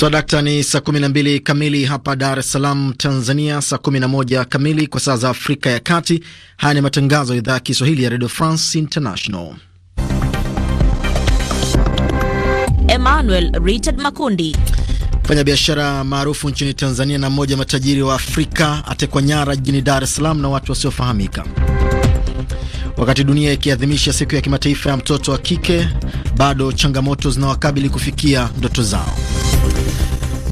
So, dakta ni saa 12 kamili hapa Dar es Salaam, Tanzania, saa 11 kamili kwa saa za Afrika ya Kati. Haya ni matangazo ya idhaa ya Kiswahili ya Radio France International. Emmanuel Richard Makundi. Mfanyabiashara maarufu nchini Tanzania na mmoja matajiri wa Afrika atekwa nyara jijini Dar es Salaam na watu wasiofahamika. Wakati dunia ikiadhimisha siku ya kimataifa ya mtoto wa kike, bado changamoto zinawakabili kufikia ndoto zao.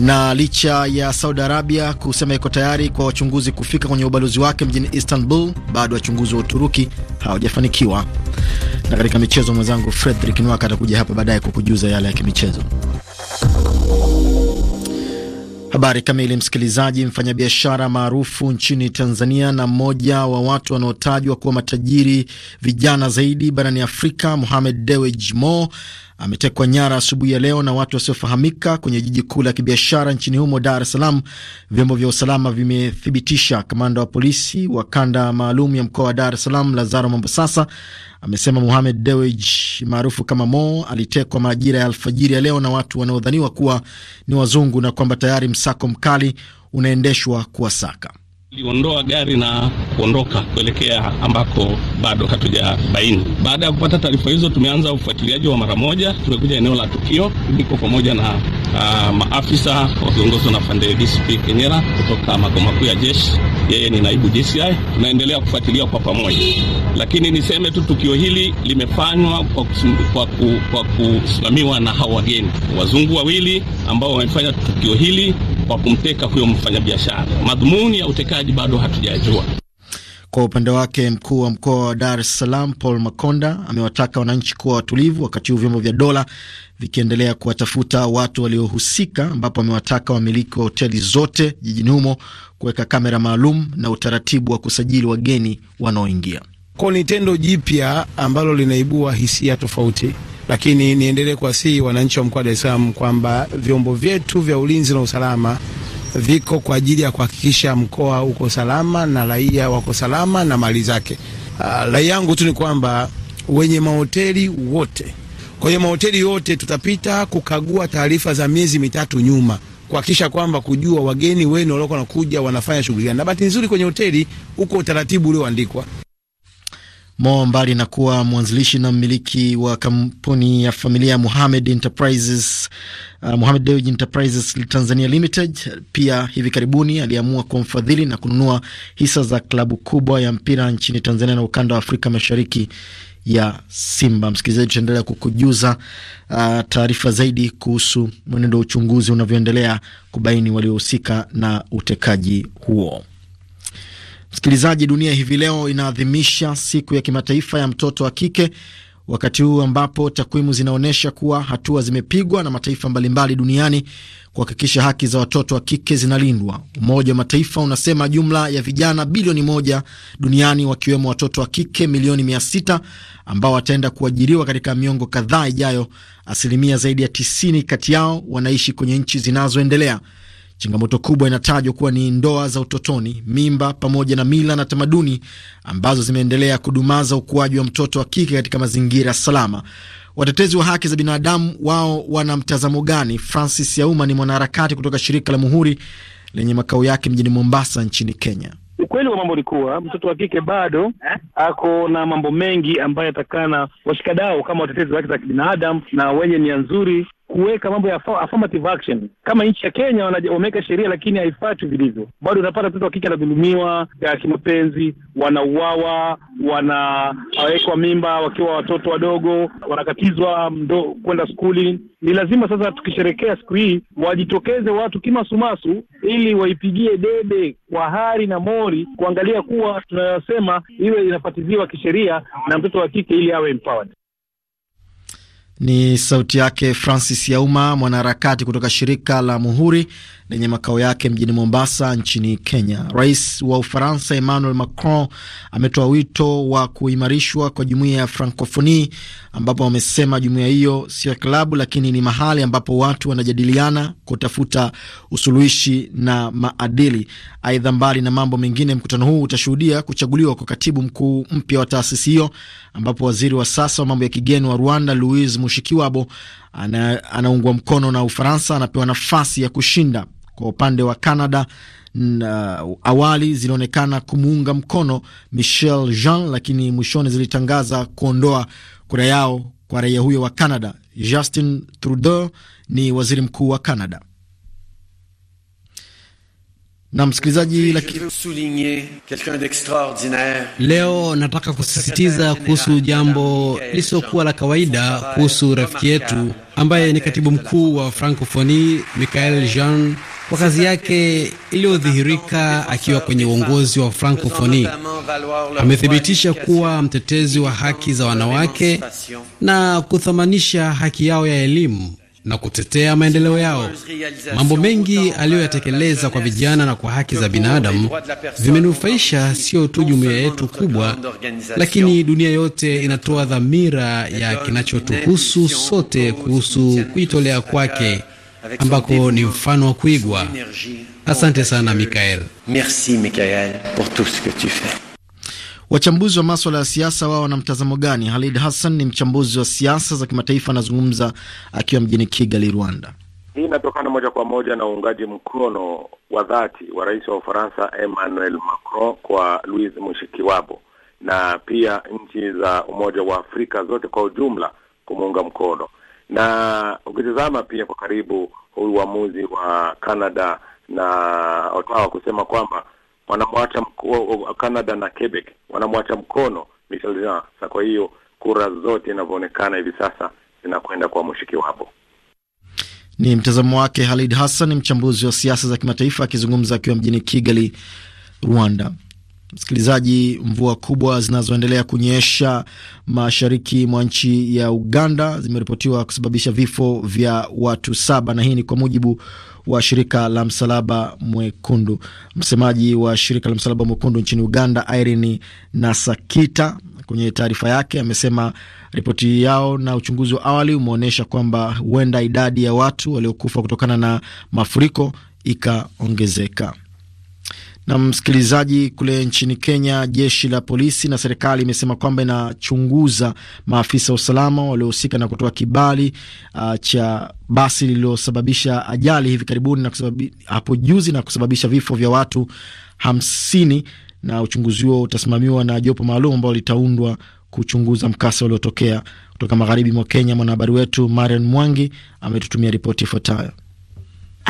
Na licha ya Saudi Arabia kusema iko tayari kwa wachunguzi kufika kwenye ubalozi wake mjini Istanbul, bado wachunguzi wa Uturuki hawajafanikiwa. Na katika michezo, mwenzangu Fredrik Nwaka atakuja hapa baadaye kukujuza yale ya kimichezo. Habari kamili, msikilizaji. Mfanyabiashara maarufu nchini Tanzania na mmoja wa watu wanaotajwa kuwa matajiri vijana zaidi barani Afrika, Mohamed Dewji Mo ametekwa nyara asubuhi ya leo na watu wasiofahamika kwenye jiji kuu la kibiashara nchini humo Dar es Salaam. Vyombo vya usalama vimethibitisha. Kamanda wa polisi wa kanda maalum ya mkoa wa Dar es Salaam Lazaro Mambosasa amesema muhamed Dewji maarufu kama Mo alitekwa majira ya alfajiri ya leo na watu wanaodhaniwa kuwa ni wazungu na kwamba tayari msako mkali unaendeshwa kuwasaka liondoa gari na kuondoka kuelekea ambako bado hatujabaini. Baada ya kupata taarifa hizo, tumeanza ufuatiliaji wa mara moja. Tumekuja eneo la tukio, niko pamoja na uh, maafisa wakiongozwa na Fande DCP Kenyera kutoka makao makuu ya jeshi, yeye ni naibu DCI. Tunaendelea kufuatilia kwa pamoja, lakini niseme tu tukio hili limefanywa kwa, kwa, ku, kwa kusimamiwa na hawa wageni wazungu wawili ambao wamefanya tukio hili kwa kumteka huyo mfanyabiashara. Madhumuni ya uteka uendeshaji bado hatujajua. Kwa upande wake mkuu wa mkoa wa Dar es Salaam Paul Makonda amewataka wananchi kuwa watulivu wakati huu vyombo vya dola vikiendelea kuwatafuta watu waliohusika, ambapo amewataka wamiliki wa hoteli zote jijini humo kuweka kamera maalum na utaratibu wa kusajili wageni wanaoingia. Kwa ni tendo jipya ambalo linaibua hisia tofauti, lakini niendelee kuwasihi wananchi wa mkoa wa Dar es Salaam kwamba vyombo vyetu vya ulinzi na usalama viko kwa ajili ya kuhakikisha mkoa uko salama na raia wako salama na mali zake. Uh, rai yangu tu ni kwamba wenye mahoteli wote, kwenye mahoteli yote tutapita kukagua taarifa za miezi mitatu nyuma kuhakikisha kwamba kujua wageni wenu waliokuwa wanakuja wanafanya shughuli gani, na bahati nzuri kwenye hoteli uko utaratibu ulioandikwa. Mo, mbali na kuwa mwanzilishi na mmiliki wa kampuni ya familia ya Enterprises uh, Mohamed Dewji Enterprises Tanzania Limited pia hivi karibuni aliamua kuwa mfadhili na kununua hisa za klabu kubwa ya mpira nchini Tanzania na ukanda wa Afrika Mashariki ya Simba. Msikilizaji, tutaendelea kukujuza uh, taarifa zaidi kuhusu mwenendo wa uchunguzi unavyoendelea kubaini waliohusika na utekaji huo. Msikilizaji, dunia hivi leo inaadhimisha siku ya kimataifa ya mtoto wa kike wakati huu ambapo takwimu zinaonyesha kuwa hatua zimepigwa na mataifa mbalimbali duniani kuhakikisha haki za watoto wa kike zinalindwa. Umoja wa Mataifa unasema jumla ya vijana bilioni moja duniani wakiwemo watoto wa kike milioni mia sita ambao wataenda kuajiriwa katika miongo kadhaa ijayo, asilimia zaidi ya tisini kati yao wanaishi kwenye nchi zinazoendelea. Changamoto kubwa inatajwa kuwa ni ndoa za utotoni, mimba, pamoja na mila na tamaduni ambazo zimeendelea kudumaza ukuaji wa mtoto wa kike katika mazingira salama. Watetezi wa haki za binadamu wao wana mtazamo gani? Francis Yauma ni mwanaharakati kutoka shirika la Muhuri lenye makao yake mjini Mombasa nchini Kenya. Ukweli wa mambo ni kuwa mtoto wa kike bado ako na mambo mengi ambayo yatakana washikadau kama watetezi wa haki za kibinadamu na wenye nia nzuri kuweka mambo ya affirmative action. Kama nchi ya Kenya wameweka sheria lakini haifuatwi vilivyo, bado unapata mtoto wa kike anadhulumiwa ya kimapenzi, wanauawa, wanawekwa mimba wakiwa watoto wadogo, wanakatizwa mdo kwenda skuli. Ni lazima sasa, tukisherekea siku hii, wajitokeze watu kimasumasu, ili waipigie debe kwa hari na mori, kuangalia kuwa tunayosema iwe inafatiziwa kisheria na mtoto wa kike ili awe empowered. Ni sauti yake Francis Yauma, mwanaharakati kutoka shirika la Muhuri lenye makao yake mjini Mombasa nchini Kenya. Rais wa Ufaransa Emmanuel Macron ametoa wito wa kuimarishwa kwa jumuiya ya Francophonie, ambapo wamesema jumuiya hiyo sio klabu, lakini ni mahali ambapo watu wanajadiliana kutafuta usuluhishi na maadili. Aidha, mbali na mambo mengine, mkutano huu utashuhudia kuchaguliwa kwa katibu mkuu mpya wa taasisi hiyo, ambapo waziri wa sasa wa mambo ya kigeni wa Rwanda Louise Mushikiwabo anaungwa mkono na Ufaransa, anapewa nafasi ya kushinda. Kwa upande wa Canada na uh, awali zilionekana kumuunga mkono Michel Jean, lakini mwishoni zilitangaza kuondoa kura yao kwa raia huyo wa Canada. Justin Trudeau ni waziri mkuu wa Canada. Na msikilizaji, leo nataka kusisitiza kuhusu jambo lisiokuwa la kawaida kuhusu rafiki yetu ambaye ni katibu mkuu wa Francophonie Michael Jean kwa kazi yake iliyodhihirika akiwa kwenye uongozi wa Francophonie. Amethibitisha kuwa mtetezi wa haki za wanawake na kuthamanisha haki yao ya elimu na kutetea maendeleo yao. Mambo mengi aliyoyatekeleza kwa vijana na kwa haki za binadamu vimenufaisha sio tu jumuiya yetu kubwa, lakini dunia yote inatoa dhamira ya kinachotuhusu sote kuhusu kujitolea kwake ambako ni mfano wa kuigwa. Asante sana Mikael. Merci Mikael pour tout ce que tu fais. Wachambuzi wa maswala ya siasa wao wana mtazamo gani? Halid Hassan ni mchambuzi wa siasa za kimataifa, anazungumza akiwa mjini Kigali, Rwanda. Hii inatokana moja kwa moja na uungaji mkono wa dhati wa rais wa Ufaransa Emmanuel Macron kwa Louis Mushikiwabo na pia nchi za Umoja wa Afrika zote kwa ujumla kumuunga mkono na ukitazama pia kwa karibu huu uamuzi wa Canada na otawa kusema kwamba wanamwacha Canada na Quebec wanamwacha mkono Michel Sa kwa hiyo kura zote inavyoonekana hivi sasa zinakwenda kwa wapo Ni mtazamo wake Halid Hassan, mchambuzi wa siasa za kimataifa akizungumza akiwa mjini Kigali, Rwanda. Msikilizaji, mvua kubwa zinazoendelea kunyesha mashariki mwa nchi ya Uganda zimeripotiwa kusababisha vifo vya watu saba, na hii ni kwa mujibu wa shirika la Msalaba Mwekundu. Msemaji wa shirika la Msalaba Mwekundu nchini Uganda, Irene Nasakita, kwenye taarifa yake amesema ripoti yao na uchunguzi wa awali umeonyesha kwamba huenda idadi ya watu waliokufa kutokana na mafuriko ikaongezeka. Na msikilizaji, kule nchini Kenya, jeshi la polisi na serikali imesema kwamba inachunguza maafisa wa usalama waliohusika na kutoa kibali uh, cha basi lililosababisha ajali hivi karibuni na kusababi, hapo juzi na kusababisha vifo vya watu hamsini, na uchunguzi huo utasimamiwa na jopo maalum ambao litaundwa kuchunguza mkasa uliotokea kutoka magharibi mwa Kenya. Mwanahabari wetu Marian Mwangi ametutumia ripoti ifuatayo.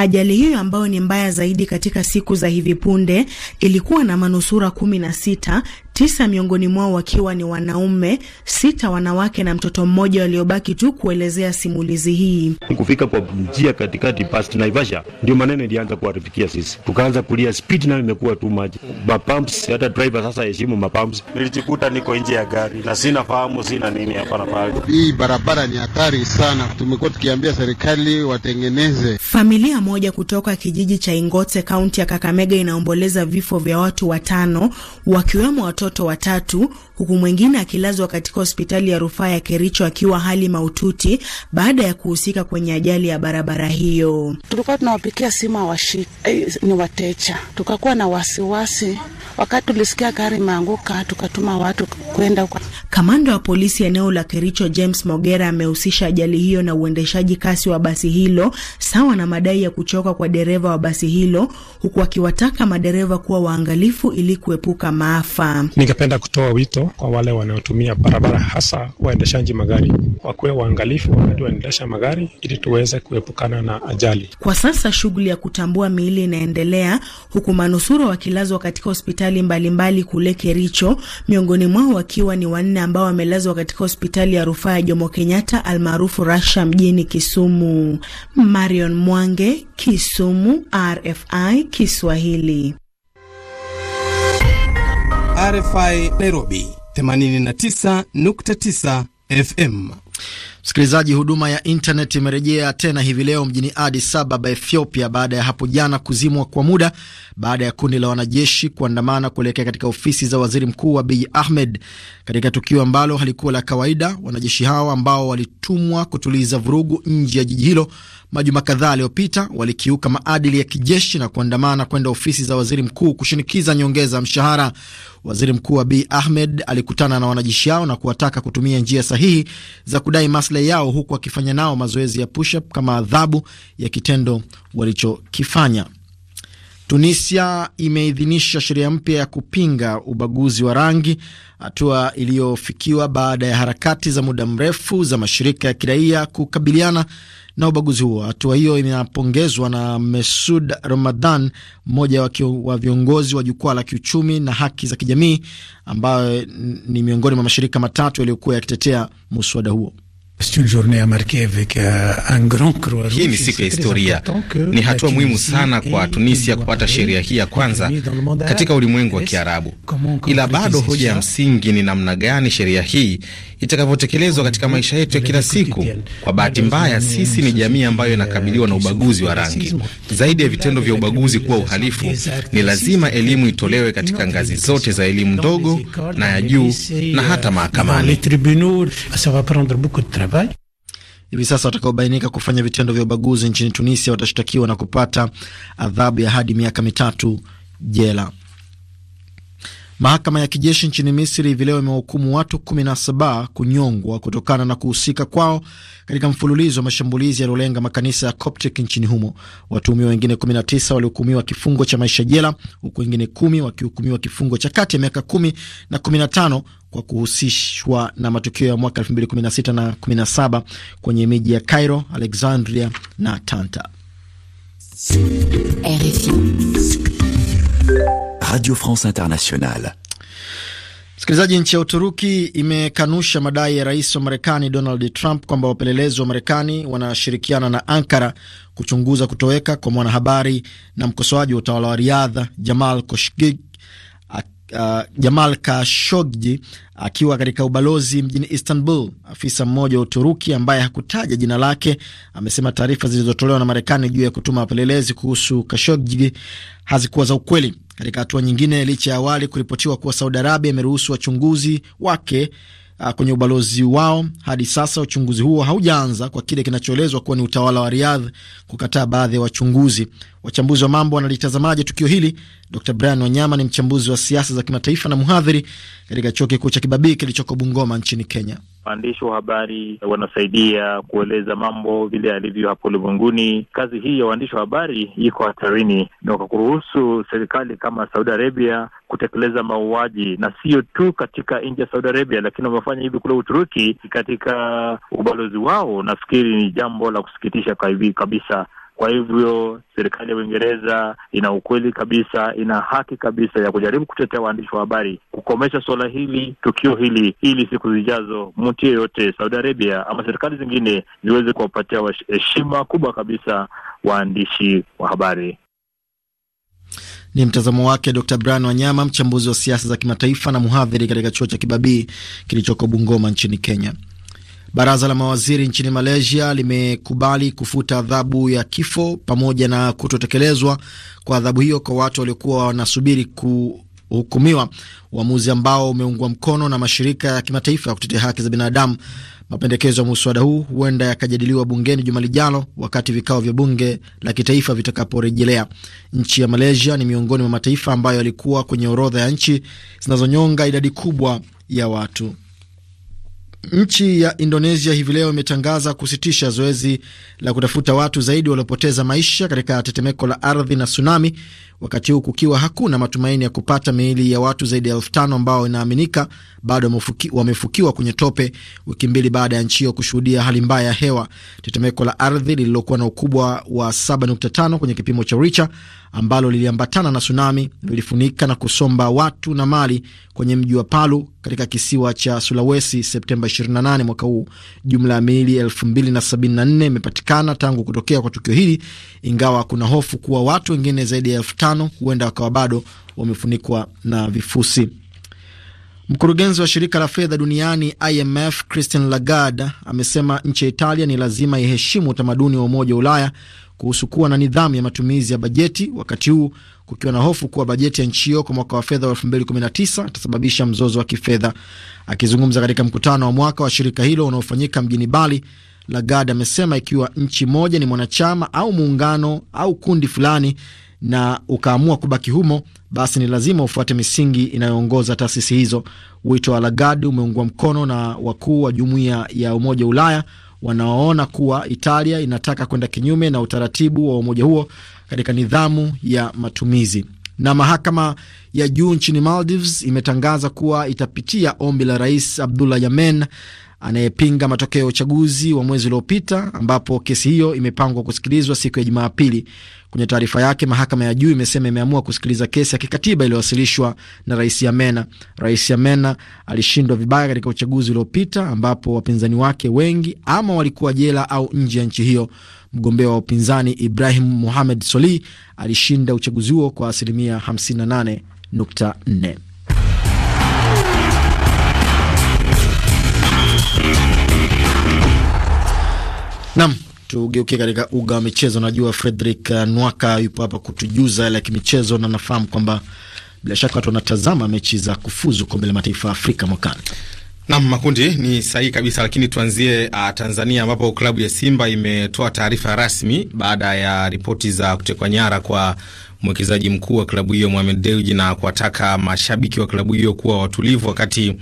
Ajali hiyo ambayo ni mbaya zaidi katika siku za hivi punde ilikuwa na manusura kumi na sita tisa miongoni mwao wakiwa ni wanaume, sita wanawake na mtoto mmoja waliobaki tu kuelezea simulizi hii. Kufika kwa njia katikati past Naivasha, ndio maneno ilianza kuharifikia sisi, tukaanza kulia, speed nayo imekuwa tu maji mapumps, hata driver sasa heshimu mapumps. Nilijikuta niko nje ya gari na sina fahamu, sina nini hapa na pale. Hii barabara ni hatari sana, tumekuwa tukiambia serikali watengeneze. Familia moja kutoka kijiji cha Ingote, kaunti ya Kakamega, inaomboleza vifo vya watu watano wakiwemo watoto watoto watatu huku mwingine akilazwa katika hospitali ya rufaa ya Kericho akiwa hali mahututi baada ya kuhusika kwenye ajali ya barabara hiyo. Tulikuwa tunawapikia simu eh, ni watecha, tukakuwa na wasiwasi Wakati tulisikia gari imeanguka, tukatuma watu kwenda kwa kamanda wa polisi eneo la Kericho James Mogera amehusisha ajali hiyo na uendeshaji kasi wa basi hilo sawa na madai ya kuchoka kwa dereva wa basi hilo, huku akiwataka madereva kuwa waangalifu ili kuepuka maafa. Ningependa kutoa wito kwa wale wanaotumia barabara, hasa waendeshaji magari, wakuwe waangalifu wakati waendesha magari ili tuweze kuepukana na ajali. Kwa sasa shughuli ya kutambua miili inaendelea, huku manusura wakilazwa katika hospitali hospitali mbalimbali kule Kericho, miongoni mwao wakiwa ni wanne ambao wamelazwa katika hospitali ya rufaa ya Jomo Kenyatta almaarufu Rasha mjini Kisumu. Marion Mwange, Kisumu, RFI Kiswahili. RFI Nairobi 89.9 FM. Msikilizaji, huduma ya internet imerejea tena hivi leo mjini Addis Ababa, Ethiopia, baada ya hapo jana kuzimwa kwa muda baada ya kundi la wanajeshi kuandamana kuelekea katika ofisi za waziri mkuu wa Abiy Ahmed, katika tukio ambalo halikuwa la kawaida. Wanajeshi hao ambao walitumwa kutuliza vurugu nje ya jiji hilo majuma kadhaa aliyopita walikiuka maadili ya kijeshi na kuandamana kwenda ofisi za waziri mkuu kushinikiza nyongeza ya mshahara. Waziri Mkuu Abiy Ahmed alikutana na wanajeshi hao na kuwataka kutumia njia sahihi za kudai maslahi yao, huku akifanya nao mazoezi ya pushup kama adhabu ya kitendo walichokifanya. Tunisia imeidhinisha sheria mpya ya kupinga ubaguzi wa rangi, hatua iliyofikiwa baada ya harakati za muda mrefu za mashirika ya kiraia kukabiliana na ubaguzi huo. Hatua hiyo inapongezwa na Mesud Ramadan, mmoja wa viongozi wa jukwaa la kiuchumi na haki za kijamii, ambayo ni miongoni mwa mashirika matatu yaliyokuwa yakitetea muswada huo. Euh, hii ni siku ya historia, ni hatua muhimu sana kwa Tunisia kupata sheria hii ya kwanza katika ulimwengu wa Kiarabu. Ila bado hoja ya msingi ni namna gani sheria hii itakavyotekelezwa katika maisha yetu ya kila siku. Kwa bahati mbaya, sisi ni jamii ambayo inakabiliwa na ubaguzi wa rangi. Zaidi ya vitendo vya ubaguzi kuwa uhalifu, ni lazima elimu itolewe katika ngazi zote za elimu ndogo na ya juu na hata mahakamani. Hivi sasa watakaobainika kufanya vitendo vya ubaguzi nchini Tunisia watashtakiwa na kupata adhabu ya hadi miaka mitatu jela. Mahakama ya kijeshi nchini Misri hivi leo imewahukumu watu 17 kunyongwa kutokana na kuhusika kwao katika mfululizo wa mashambulizi yaliyolenga makanisa ya Coptic nchini humo. Watuhumiwa wengine 19 walihukumiwa kifungo cha maisha jela, huku wengine kumi wakihukumiwa kifungo cha kati ya miaka kumi na 15 kwa kuhusishwa na matukio ya mwaka 2016 na 17 kwenye miji ya Cairo, Alexandria na Tanta. RFI. Radio France Internationale. Msikilizaji, nchi ya Uturuki imekanusha madai ya rais wa Marekani Donald Trump kwamba wapelelezi wa Marekani wanashirikiana na Ankara kuchunguza kutoweka kwa mwanahabari na mkosoaji wa utawala wa riadha Jamal Khashoggi Uh, Jamal Khashoggi akiwa katika ubalozi mjini Istanbul. Afisa mmoja wa Uturuki ambaye hakutaja jina lake amesema taarifa zilizotolewa na Marekani juu ya kutuma wapelelezi kuhusu Khashoggi hazikuwa za ukweli. Katika hatua nyingine, licha ya awali kuripotiwa kuwa Saudi Arabia imeruhusu wachunguzi wake ah, kwenye ubalozi wao, hadi sasa uchunguzi huo haujaanza kwa kile kinachoelezwa kuwa ni utawala wa Riyadh kukataa baadhi ya wachunguzi. Wachambuzi wa mambo wanalitazamaje tukio hili? Dr Brian Wanyama ni mchambuzi wa siasa za kimataifa na mhadhiri katika chuo kikuu cha Kibabii kilichoko Bungoma nchini Kenya waandishi wa habari wanasaidia kueleza mambo vile yalivyo hapo ulimwenguni. Kazi hii ya waandishi wa habari iko hatarini, na kwa kuruhusu serikali kama Saudi Arabia kutekeleza mauaji, na sio tu katika nchi ya Saudi Arabia, lakini wamefanya hivi kule Uturuki katika ubalozi wao, nafikiri ni jambo la kusikitisha kabisa. Kwa hivyo serikali ya Uingereza ina ukweli kabisa, ina haki kabisa ya kujaribu kutetea waandishi wa habari, kukomesha suala hili, tukio hili, ili siku zijazo mtu yeyote Saudi Arabia ama serikali zingine ziweze kuwapatia heshima kubwa kabisa waandishi wa habari. Ni mtazamo wake Dr Brian Wanyama, mchambuzi wa siasa za kimataifa na mhadhiri katika chuo cha Kibabii kilichoko Bungoma nchini Kenya. Baraza la mawaziri nchini Malaysia limekubali kufuta adhabu ya kifo pamoja na kutotekelezwa kwa adhabu hiyo kwa watu waliokuwa wanasubiri kuhukumiwa, uamuzi ambao umeungwa mkono na mashirika ya kimataifa ya kutetea haki za binadamu. Mapendekezo ya muswada huu huenda yakajadiliwa bungeni juma lijalo wakati vikao vya bunge la kitaifa vitakaporejelea. Nchi ya Malaysia ni miongoni mwa mataifa ambayo yalikuwa kwenye orodha ya nchi zinazonyonga idadi kubwa ya watu. Nchi ya Indonesia hivi leo imetangaza kusitisha zoezi la kutafuta watu zaidi waliopoteza maisha katika tetemeko la ardhi na tsunami, wakati huu kukiwa hakuna matumaini ya kupata miili ya watu zaidi ya elfu tano ambao inaaminika bado wamefukiwa kwenye tope, wiki mbili baada ya nchi hiyo kushuhudia hali mbaya ya hewa. Tetemeko la ardhi lililokuwa na ukubwa wa 7.5 kwenye kipimo cha Richter ambalo liliambatana na tsunami vilifunika na kusomba watu na mali kwenye mji wa Palu katika kisiwa cha Sulawesi Septemba 28 mwaka huu. Jumla ya miili 2074 imepatikana tangu kutokea kwa tukio hili, ingawa kuna hofu kuwa watu wengine zaidi ya elfu tano huenda wakawa bado wamefunikwa na vifusi. Mkurugenzi wa shirika la fedha duniani IMF Christine Lagarde amesema nchi ya Italia ni lazima iheshimu utamaduni wa Umoja wa Ulaya kuhusu kuwa na nidhamu ya matumizi ya bajeti, wakati huu kukiwa na hofu kuwa bajeti ya nchi hiyo kwa mwaka wa fedha wa 2019 itasababisha mzozo wa kifedha. Akizungumza katika mkutano wa mwaka wa shirika hilo unaofanyika mjini Bali, Lagarde amesema ikiwa nchi moja ni mwanachama au muungano au kundi fulani na ukaamua kubaki humo, basi ni lazima ufuate misingi inayoongoza taasisi hizo. Wito wa Lagarde umeungwa mkono na wakuu wa jumuiya ya Umoja wa Ulaya wanaoona kuwa Italia inataka kwenda kinyume na utaratibu wa umoja huo katika nidhamu ya matumizi. Na mahakama ya juu nchini Maldives imetangaza kuwa itapitia ombi la Rais Abdullah Yamen anayepinga matokeo ya uchaguzi wa mwezi uliopita ambapo kesi hiyo imepangwa kusikilizwa siku ya Jumapili. Kwenye taarifa yake, mahakama ya juu imesema imeamua kusikiliza kesi ya kikatiba iliyowasilishwa na Rais Amena. Rais Amena alishindwa vibaya katika uchaguzi uliopita ambapo wapinzani wake wengi ama walikuwa jela au nje ya nchi hiyo. Mgombea wa upinzani Ibrahim muhamed Soli alishinda uchaguzi huo kwa asilimia 58.4. Naam, tugeukie katika uga wa michezo. Najua Frederick uh, Nwaka yupo hapa kutujuza yale ya kimichezo, na nafahamu kwamba bila shaka watu wanatazama mechi za kufuzu kombe la mataifa ya Afrika mwakani. Naam, makundi ni sahihi kabisa, lakini tuanzie uh, Tanzania ambapo klabu ya Simba imetoa taarifa rasmi baada ya ripoti za kutekwa nyara kwa mwekezaji mkuu wa klabu hiyo Mohamed Dewji, na kuwataka mashabiki wa klabu hiyo kuwa watulivu wakati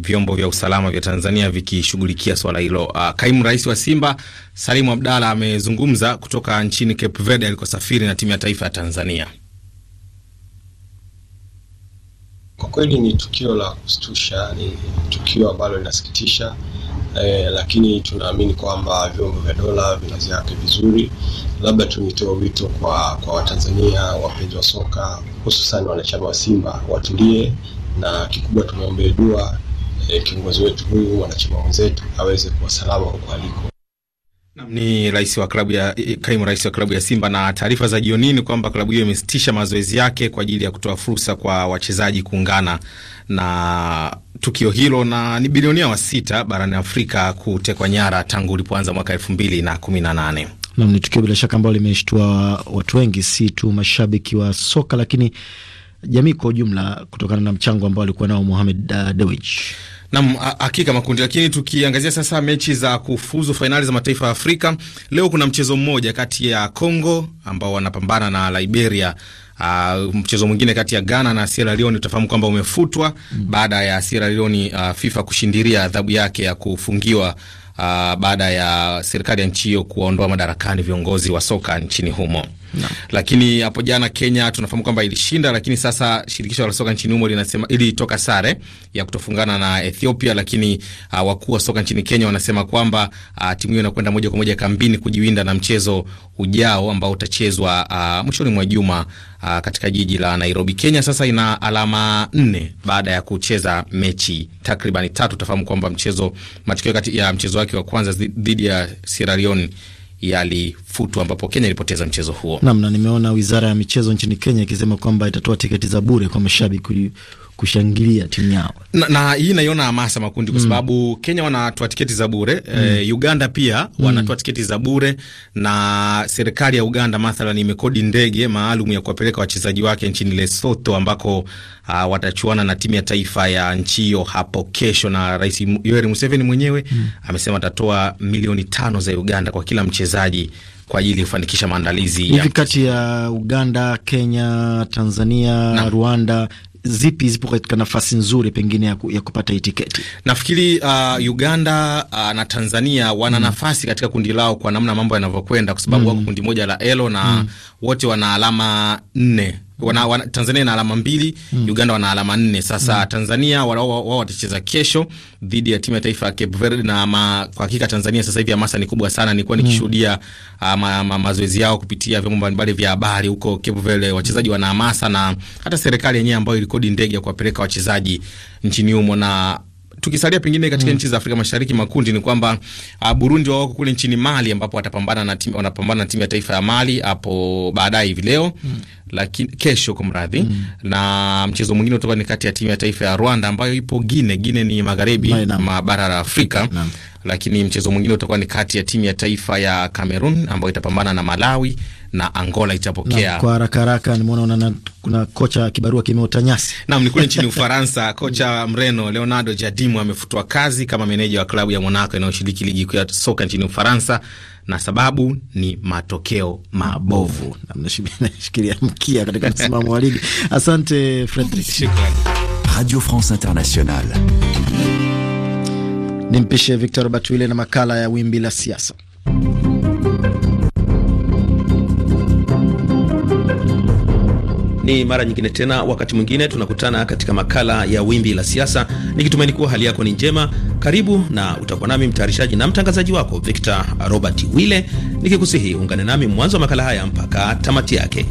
vyombo vya usalama vya Tanzania vikishughulikia swala hilo. Uh, kaimu rais wa Simba Salimu Abdala amezungumza kutoka nchini Cape Verde alikosafiri na timu ya taifa ya Tanzania. Kwa kweli ni tukio la kustusha ni tukio ambalo linasikitisha eh, lakini tunaamini kwamba vyombo vya dola vinazi yake vizuri. Labda tu nitoe wito kwa kwa Watanzania wapenzi wa soka, hususan wanachama wa Simba watulie, na kikubwa tumeombee dua e, kiongozi wetu huyu wanachama wenzetu aweze kuwa salama huko aliko. Ni rais wa klabu ya eh, kaimu rais wa klabu ya Simba. Na taarifa za jionini kwamba klabu hiyo imesitisha mazoezi yake kwa ajili ya kutoa fursa kwa wachezaji kuungana na tukio hilo, na ni bilionia wa sita barani Afrika kutekwa nyara tangu ulipoanza mwaka elfu mbili na kumi na nane. Nam, ni tukio bila shaka ambalo limeshtua watu wengi, si tu mashabiki wa soka lakini jamii kwa ujumla kutokana na mchango ambao alikuwa nao Mohamed uh, Dewich. Nam hakika makundi. Lakini tukiangazia sasa mechi za kufuzu fainali za mataifa ya Afrika, leo kuna mchezo mmoja kati ya Congo ambao wanapambana na Liberia. Uh, mchezo mwingine kati ya Ghana na Sierra Leone utafahamu kwamba umefutwa mm, baada ya Sierra Leone uh, FIFA kushindiria adhabu yake ya kufungiwa uh, baada ya serikali ya nchi hiyo kuwaondoa madarakani viongozi wa soka nchini humo no. Lakini hapo jana Kenya tunafahamu kwamba ilishinda, lakini sasa shirikisho la soka nchini humo linasema ilitoka sare ya kutofungana na Ethiopia, lakini uh, wakuu wa soka nchini Kenya wanasema kwamba uh, timu hiyo inakwenda moja kwa moja kambini kujiwinda na mchezo ujao ambao utachezwa uh, mwishoni mwa juma uh, katika jiji la Nairobi. Kenya sasa ina alama nne baada ya kucheza mechi takribani tatu. Utafahamu kwamba mchezo matokeo kati ya mchezo wake wa kwanza dhidi ya Sierra Leone yalifutwa ambapo Kenya ilipoteza mchezo huo. namna nimeona wizara ya michezo nchini Kenya ikisema kwamba itatoa tiketi za bure kwa mashabiki kushangilia timu yao na, na hii naiona hamasa makundi kwa mm. sababu mm. Kenya wanatoa tiketi za bure eh, mm. E, Uganda pia wanatoa mm. tiketi za bure, na serikali ya Uganda mathalan imekodi ndege maalum ya kuwapeleka wachezaji wake nchini Lesotho ambako uh, watachuana na timu ya taifa ya nchi hiyo hapo kesho, na Rais Yoweri Museveni mwenyewe mm. amesema atatoa milioni tano za Uganda kwa kila mchezaji kwa ajili ya kufanikisha maandalizi hivi kati ya Uganda, Kenya, Tanzania na Rwanda zipi zipo katika nafasi nzuri pengine ya, ku, ya kupata hii tiketi? Nafikiri uh, Uganda uh, na Tanzania wana mm. nafasi katika kundi lao kwa namna mambo yanavyokwenda, kwa sababu mm. wako kundi moja la Elo na mm. wote wana alama nne wana, wana, Tanzania ina alama mbili mm. Uganda wana alama nne. Sasa mm. Tanzania wao wa, wa, watacheza kesho dhidi ya timu ya taifa ya Cape Verde na ma, kwa hakika Tanzania sasa hivi hamasa ni kubwa sana. Nilikuwa hmm. nikishuhudia mm. ma, ma, mazoezi yao kupitia vyombo mbalimbali vya habari huko Cape Verde, wachezaji wana hamasa na hata serikali yenyewe ambayo ilikodi ndege ya kuwapeleka wachezaji nchini humo na tukisalia pengine katika mm. nchi za Afrika Mashariki makundi ni kwamba uh, Burundi wao kule nchini Mali ambapo watapambana na timu wanapambana na timu ya taifa ya Mali hapo baadaye hivi leo mm lakini kesho kwa mradhi mm. na mchezo mwingine utakuwa ni kati ya timu ya taifa ya Rwanda ambayo ipo Gine. Gine ni magharibi ma bara la Afrika na. Lakini mchezo mwingine utakuwa ni kati ya timu ya taifa ya Cameroon ambayo itapambana na Malawi na Angola itapokea na. Kwa haraka haraka nimeona una kuna kocha kibarua kimeota nyasi. Naam, ni kule nchini Ufaransa kocha Mreno Leonardo Jadimu amefutwa kazi kama meneja wa klabu ya Monaco inayoshiriki ligi kuu ya soka nchini Ufaransa na sababu ni matokeo mabovu. Nashikilia mkia katika msimamo wa ligi. Asante Fredrik, shukrani. Radio France Internationale. Nimpishe Victor Batwile na makala ya wimbi la siasa. Ni mara nyingine tena, wakati mwingine tunakutana katika makala ya Wimbi la Siasa, nikitumaini kuwa hali yako ni njema. Karibu na utakuwa nami mtayarishaji na mtangazaji wako Victor Robert Wile, nikikusihi ungane nami mwanzo wa makala haya mpaka tamati yake.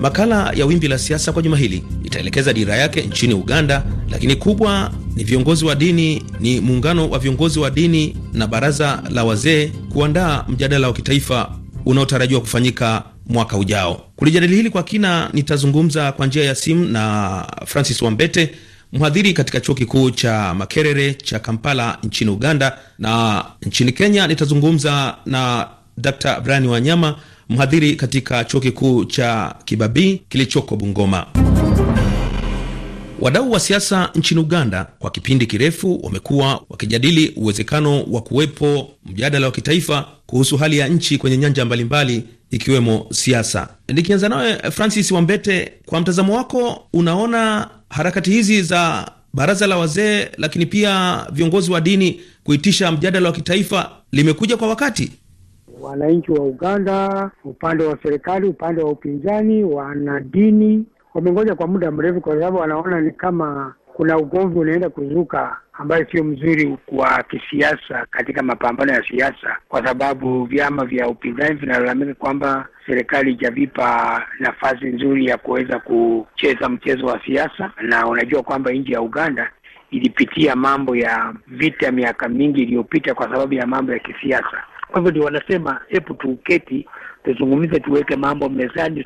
Makala ya Wimbi la Siasa kwa juma hili itaelekeza dira yake nchini Uganda, lakini kubwa ni viongozi wa dini, ni muungano wa viongozi wa dini na baraza la wazee kuandaa mjadala wa kitaifa unaotarajiwa kufanyika mwaka ujao. Kulijadili hili kwa kina, nitazungumza kwa njia ya simu na Francis Wambete, mhadhiri katika chuo kikuu cha Makerere cha Kampala nchini Uganda, na nchini Kenya nitazungumza na Dr Brian Wanyama, mhadhiri katika chuo kikuu cha Kibabii kilichoko Bungoma. Wadau wa siasa nchini Uganda kwa kipindi kirefu wamekuwa wakijadili uwezekano wa kuwepo mjadala wa kitaifa kuhusu hali ya nchi kwenye nyanja mbalimbali ikiwemo siasa. Nikianza nawe Francis Wambete, kwa mtazamo wako, unaona harakati hizi za baraza la wazee lakini pia viongozi wa dini kuitisha mjadala wa kitaifa limekuja kwa wakati? Wananchi wa Uganda, upande wa serikali, upande wa upinzani, wana dini Wamengoja kwa muda mrefu, kwa sababu wanaona ni kama kuna ugomvi unaenda kuzuka ambayo sio mzuri kwa kisiasa katika mapambano ya siasa, kwa sababu vyama vya upinzani vinalalamika kwamba serikali ijavipa nafasi nzuri ya kuweza kucheza mchezo wa siasa, na unajua kwamba nchi ya Uganda ilipitia mambo ya vita miaka mingi iliyopita kwa sababu ya mambo ya kisiasa. Kwa hivyo ndio wanasema hebu tuuketi tuzungumze, tuweke mambo mezani,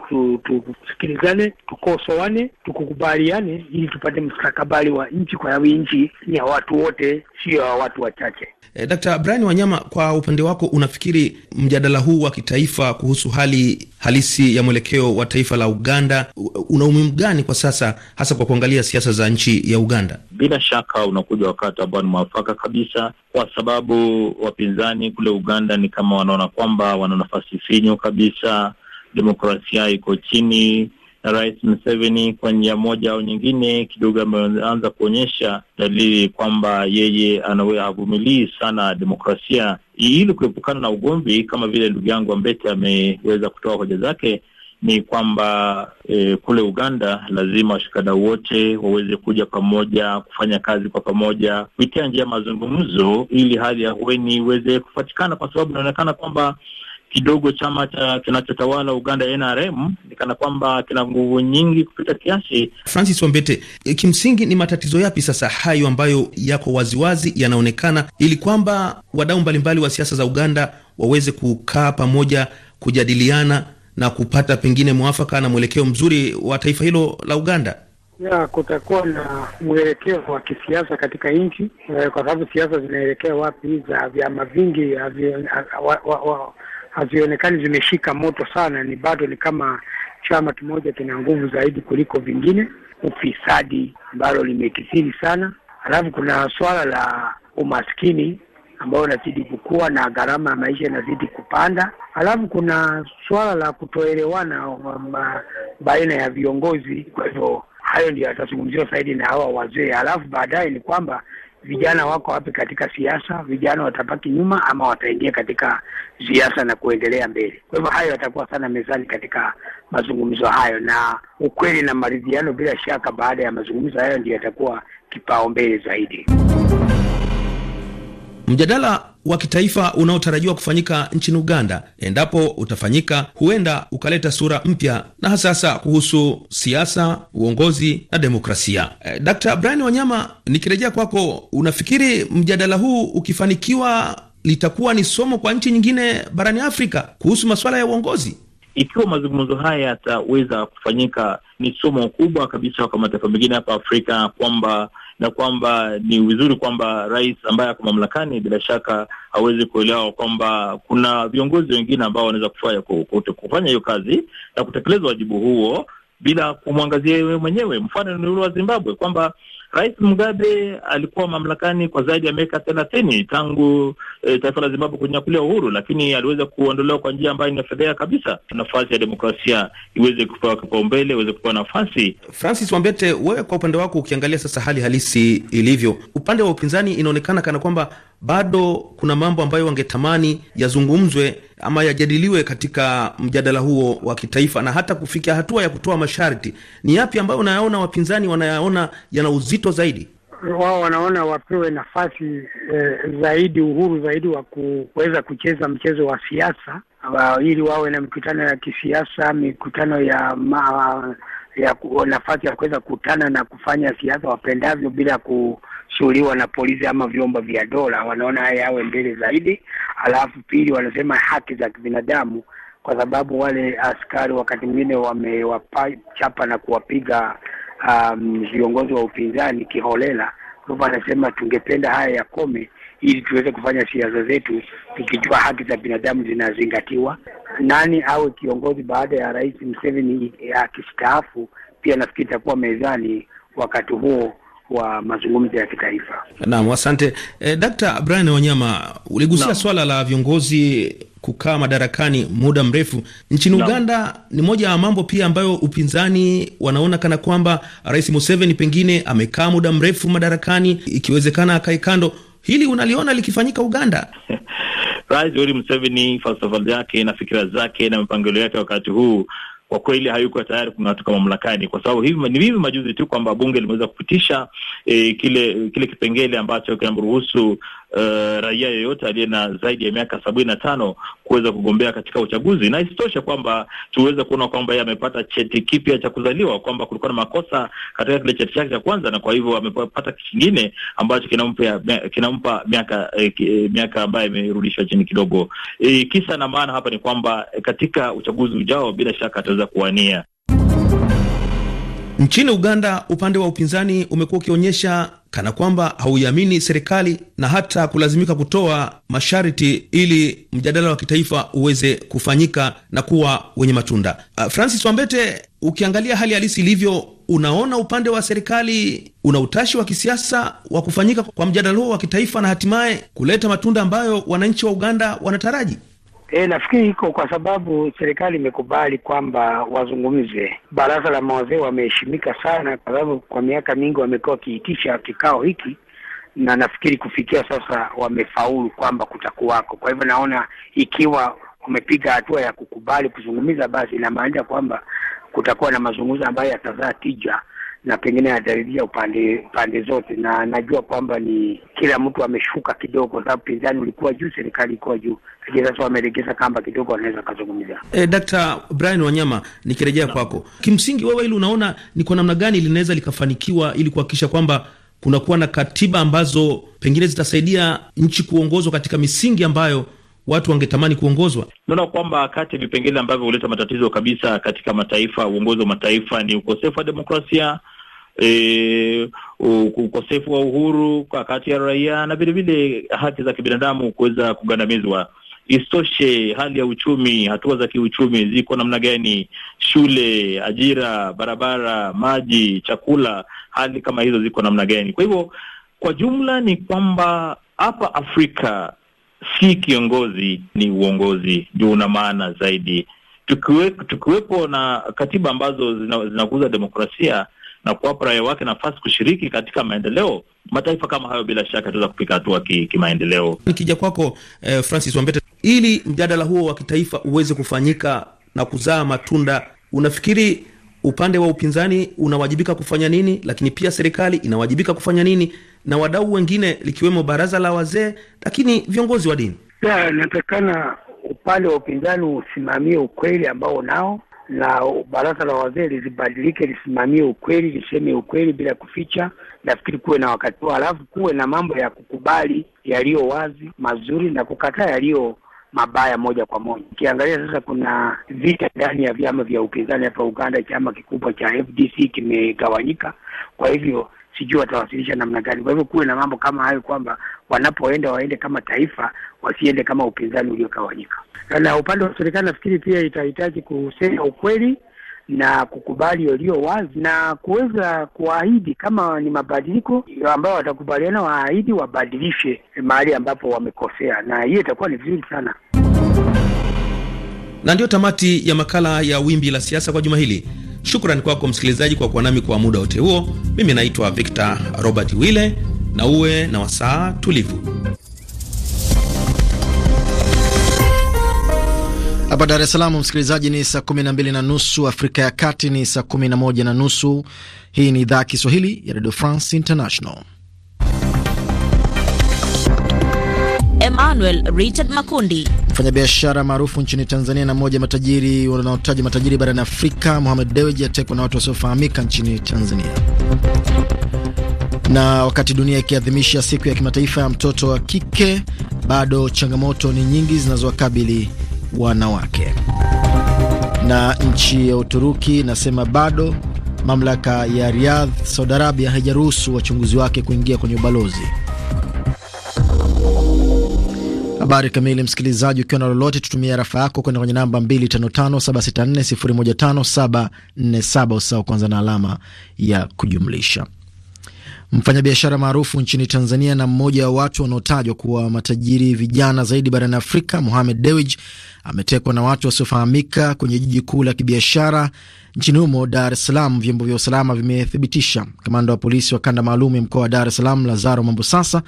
tusikilizane, tu, tukosoane, tukukubaliane ili tupate mstakabali wa nchi, kwa sababu nchi ni ya watu wote, sio ya watu wachache. E, eh, Dkt. Brian Wanyama, kwa upande wako unafikiri mjadala huu wa kitaifa kuhusu hali halisi ya mwelekeo wa taifa la Uganda una umuhimu gani kwa sasa, hasa kwa kuangalia siasa za nchi ya Uganda? Bila shaka unakuja wakati ambao ni mwafaka kabisa kwa sababu wapinzani kule Uganda ni kama wanaona kwamba wana nafasi finyu kabisa, demokrasia iko chini, na Rais Museveni kwa njia moja au nyingine kidogo ameanza kuonyesha dalili kwamba yeye anawe havumilii sana demokrasia, ili kuepukana na ugomvi, kama vile ndugu yangu Ambete ameweza kutoa hoja zake ni kwamba e, kule Uganda lazima washikadau wote waweze kuja pamoja kufanya kazi kwa pamoja kupitia njia ya mazungumzo, ili hali ya hueni iweze kupatikana, kwa sababu inaonekana kwamba kidogo chama cha kinachotawala Uganda NRM ni kana kwamba kina nguvu nyingi kupita kiasi. Francis Wambete, eh, kimsingi ni matatizo yapi sasa hayo ambayo yako waziwazi yanaonekana, ili kwamba wadau mbalimbali wa siasa za Uganda waweze kukaa pamoja kujadiliana na kupata pengine mwafaka na mwelekeo mzuri wa taifa hilo la Uganda? Ya, kutakuwa na mwelekeo wa kisiasa katika nchi e, kwa sababu siasa zinaelekea wapi za vyama vingi hazionekani zimeshika moto sana, ni bado ni kama chama kimoja kina nguvu zaidi kuliko vingine. Ufisadi ambalo limekithiri sana, alafu kuna swala la umaskini ambayo inazidi kukua na gharama ya maisha inazidi kupanda. Halafu kuna suala la kutoelewana baina ya viongozi. Kwa hivyo hayo ndio yatazungumziwa zaidi na hawa wazee. Halafu baadaye ni kwamba vijana wako wapi katika siasa? Vijana watabaki nyuma ama wataingia katika siasa na kuendelea mbele? Kwa hivyo hayo yatakuwa sana mezani katika mazungumzo hayo, na ukweli na maridhiano, bila shaka, baada ya mazungumzo hayo ndio yatakuwa kipaumbele zaidi. Mjadala wa kitaifa unaotarajiwa kufanyika nchini Uganda, endapo utafanyika, huenda ukaleta sura mpya na hasahasa kuhusu siasa, uongozi na demokrasia. E, eh, Dkt. Brian Wanyama, nikirejea kwako, unafikiri mjadala huu ukifanikiwa litakuwa ni somo kwa nchi nyingine barani Afrika kuhusu masuala ya uongozi? Ikiwa mazungumzo haya yataweza kufanyika, ni somo kubwa kabisa kwa mataifa mengine hapa Afrika kwamba na kwamba ni vizuri kwamba rais ambaye ako mamlakani bila shaka awezi kuelewa kwamba kuna viongozi wengine ambao wanaweza kufanya kufanya hiyo kazi na kutekeleza wajibu huo bila kumwangazia yeye mwenyewe. Mfano ni ule wa Zimbabwe kwamba Rais Mugabe alikuwa mamlakani kwa zaidi ya miaka thelathini tangu e, taifa la Zimbabwe kunyakulia uhuru, lakini aliweza kuondolewa kwa njia ambayo inafedhea kabisa. Nafasi ya demokrasia iweze kupewa kipaumbele, iweze kupewa nafasi. Francis Wambete, wewe kwa upande wako, ukiangalia sasa hali halisi ilivyo, upande wa upinzani inaonekana kana kwamba bado kuna mambo ambayo wangetamani yazungumzwe ama yajadiliwe katika mjadala huo wa kitaifa na hata kufikia hatua ya kutoa masharti. Ni yapi ambayo unayaona wapinzani wanayaona yana uzito zaidi? Wao wanaona wapewe nafasi eh, zaidi, uhuru zaidi wa kuweza kucheza mchezo wa siasa wa, ili wawe na mikutano ya kisiasa, mikutano ya ma, ya nafasi ya kuweza kukutana na kufanya siasa wapendavyo bila ku kusuhuliwa na polisi ama vyombo vya dola, wanaona haya yawe mbele zaidi. Alafu pili, wanasema haki za kibinadamu, kwa sababu wale askari wakati mwingine wamewachapa na kuwapiga um, viongozi um, wa upinzani kiholela. wanasema tungependa haya yakome ili tuweze kufanya siasa zetu tukijua haki za binadamu zinazingatiwa. Nani awe kiongozi baada ya Rais Museveni akistaafu, pia nafikiri itakuwa mezani wakati huo wa mazungumzo ya kitaifa. Naam, asante e, eh, Dkt. Brian Wanyama, uligusia swala la viongozi kukaa madarakani muda mrefu nchini Uganda ni moja ya mambo pia ambayo upinzani wanaona kana kwamba Rais Museveni pengine amekaa muda mrefu madarakani, ikiwezekana akae kando. Hili unaliona likifanyika Uganda? Rais Yoweri Museveni falsafa yake na fikira zake na mipangilio yake wakati huu kwa kweli hayuko tayari kung'atuka mamlakani, kwa sababu hivi ni hivi majuzi tu kwamba bunge limeweza kupitisha e, kile kile kipengele ambacho kinamruhusu uh, raia yoyote aliye na zaidi ya miaka sabini na tano kuweza kugombea katika uchaguzi, na isitoshe kwamba tuweze kuona kwamba yeye amepata cheti kipya cha kuzaliwa, kwamba kulikuwa na makosa katika kile cheti chake cha kwanza, na kwa hivyo amepata kingine ambacho kinampa kinampa miaka eh, eh, miaka ambayo imerudishwa chini kidogo. E, kisa na maana hapa ni kwamba katika uchaguzi ujao bila shaka ataweza kuwania. Nchini Uganda, upande wa upinzani umekuwa ukionyesha kana kwamba hauiamini serikali na hata kulazimika kutoa masharti ili mjadala wa kitaifa uweze kufanyika na kuwa wenye matunda. Uh, Francis Wambete, ukiangalia hali halisi ilivyo, unaona upande wa serikali una utashi wa kisiasa wa kufanyika kwa mjadala huo wa kitaifa na hatimaye kuleta matunda ambayo wananchi wa Uganda wanataraji? E, nafikiri iko kwa sababu serikali imekubali kwamba wazungumze. Baraza la mawazee wameheshimika sana, kwa sababu kwa miaka mingi wamekuwa wakiitisha kikao hiki, na nafikiri kufikia sasa wamefaulu kwamba kutakuwako. Kwa hivyo naona ikiwa wamepiga hatua ya kukubali kuzungumza, basi inamaanisha kwamba kutakuwa na mazungumzo ambayo yatazaa tija na pengine anadalilia upande pande zote, na najua kwamba ni kila mtu ameshuka kidogo, sababu pinzani ulikuwa juu, serikali ilikuwa juu, lakini sasa wamelegeza kamba kidogo, wanaweza kazungumza. E, eh, Dr. Brian Wanyama, nikirejea kwako, kimsingi wewe ili unaona ni kwa namna gani linaweza likafanikiwa ili kuhakikisha kwamba kunakuwa na katiba ambazo pengine zitasaidia nchi kuongozwa katika misingi ambayo watu wangetamani kuongozwa. Naona kwamba kati ya vipengele ambavyo huleta matatizo kabisa katika mataifa, uongozi wa mataifa ni ukosefu wa demokrasia e, ukosefu wa uhuru kwa kati ya raia na vilevile haki za kibinadamu kuweza kugandamizwa. Isitoshe, hali ya uchumi, hatua za kiuchumi ziko namna gani? Shule, ajira, barabara, maji, chakula, hali kama hizo ziko namna gani? Kwa hivyo, kwa jumla ni kwamba hapa Afrika si kiongozi, ni uongozi ndio una maana zaidi. Tukiwe, tukiwepo na katiba ambazo zinakuza demokrasia na kuwapa raia wake nafasi kushiriki katika maendeleo, mataifa kama hayo bila shaka yataweza kupiga hatua kimaendeleo. Ki nikija kwako eh, Francis Wambete, ili mjadala huo wa kitaifa uweze kufanyika na kuzaa matunda, unafikiri upande wa upinzani unawajibika kufanya nini, lakini pia serikali inawajibika kufanya nini, na wadau wengine likiwemo baraza la wazee, lakini viongozi wa dini? Inatakikana upande wa upinzani usimamie ukweli ambao nao na baraza la wazee lizibadilike lisimamie ukweli, liseme ukweli bila kuficha. Nafikiri kuwe na wakati huo, halafu kuwe na mambo ya kukubali yaliyo wazi mazuri na kukataa yaliyo mabaya moja kwa moja. Ukiangalia sasa, kuna vita ndani ya vyama vya upinzani hapa Uganda. Chama kikubwa cha FDC kimegawanyika, kwa hivyo sijui watawasilisha namna gani. Kwa hivyo kuwe na mambo kama hayo, kwamba wanapoenda waende kama taifa, wasiende kama upinzani uliogawanyika na upande wa serikali nafikiri pia itahitaji kusema ukweli na kukubali yaliyo wazi na kuweza kuahidi kama ni mabadiliko ambao watakubaliana, waahidi wabadilishe mahali ambapo wamekosea, na hiyo itakuwa ni vizuri sana. Na ndiyo tamati ya makala ya Wimbi la Siasa kwa juma hili. Shukrani kwako msikilizaji kwa kuwa nami kwa muda wote huo. Mimi naitwa Victor Robert Wile, na uwe na wasaa tulivu. Hapa Dar es Salaam, msikilizaji, ni saa kumi na mbili na nusu. Afrika ya Kati ni saa kumi na moja na nusu. Hii ni idhaa ya Kiswahili ya Radio France International. Emmanuel Richard Makundi, mfanyabiashara maarufu nchini Tanzania na mmoja matajiri wanaotaja matajiri barani Afrika, Mohamed Dewji atekwa na watu wasiofahamika nchini Tanzania. Na wakati dunia ikiadhimisha siku ya kimataifa ya mtoto wa kike, bado changamoto ni nyingi zinazowakabili wanawake. Na nchi ya Uturuki inasema bado mamlaka ya Riyadh, Saudi Arabia, haijaruhusu wachunguzi wake kuingia kwenye ubalozi. Habari kamili, msikilizaji, ukiwa na lolote, tutumia rafa yako kwenda kwenye namba 255764015747 usao kwanza na alama ya kujumlisha. Mfanyabiashara maarufu nchini Tanzania na mmoja wa watu wanaotajwa kuwa matajiri vijana zaidi barani Afrika, Mohamed Dewji ametekwa na watu wasiofahamika kwenye jiji kuu la kibiashara nchini humo, Dar es Salaam, vyombo vya usalama vimethibitisha. Kamanda wa polisi wa kanda maalum ya mkoa wa Dar es Salaam, Lazaro Mambosasa,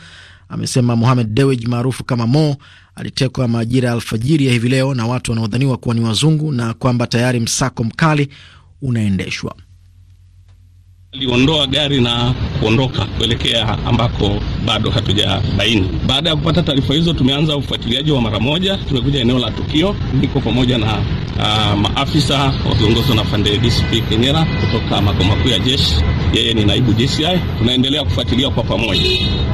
amesema Mohamed Dewji maarufu kama Mo alitekwa majira ya alfajiri ya hivi leo na watu wanaodhaniwa kuwa ni wazungu na kwamba tayari msako mkali unaendeshwa aliondoa gari na kuondoka kuelekea ambako bado hatujabaini. Baada ya kupata taarifa hizo, tumeanza ufuatiliaji wa mara moja. Tumekuja eneo la tukio, niko pamoja na uh, maafisa wakiongozwa na Fande DCP Kenyera kutoka makao makuu ya jeshi, yeye ni naibu DCI. Tunaendelea kufuatilia kwa pamoja,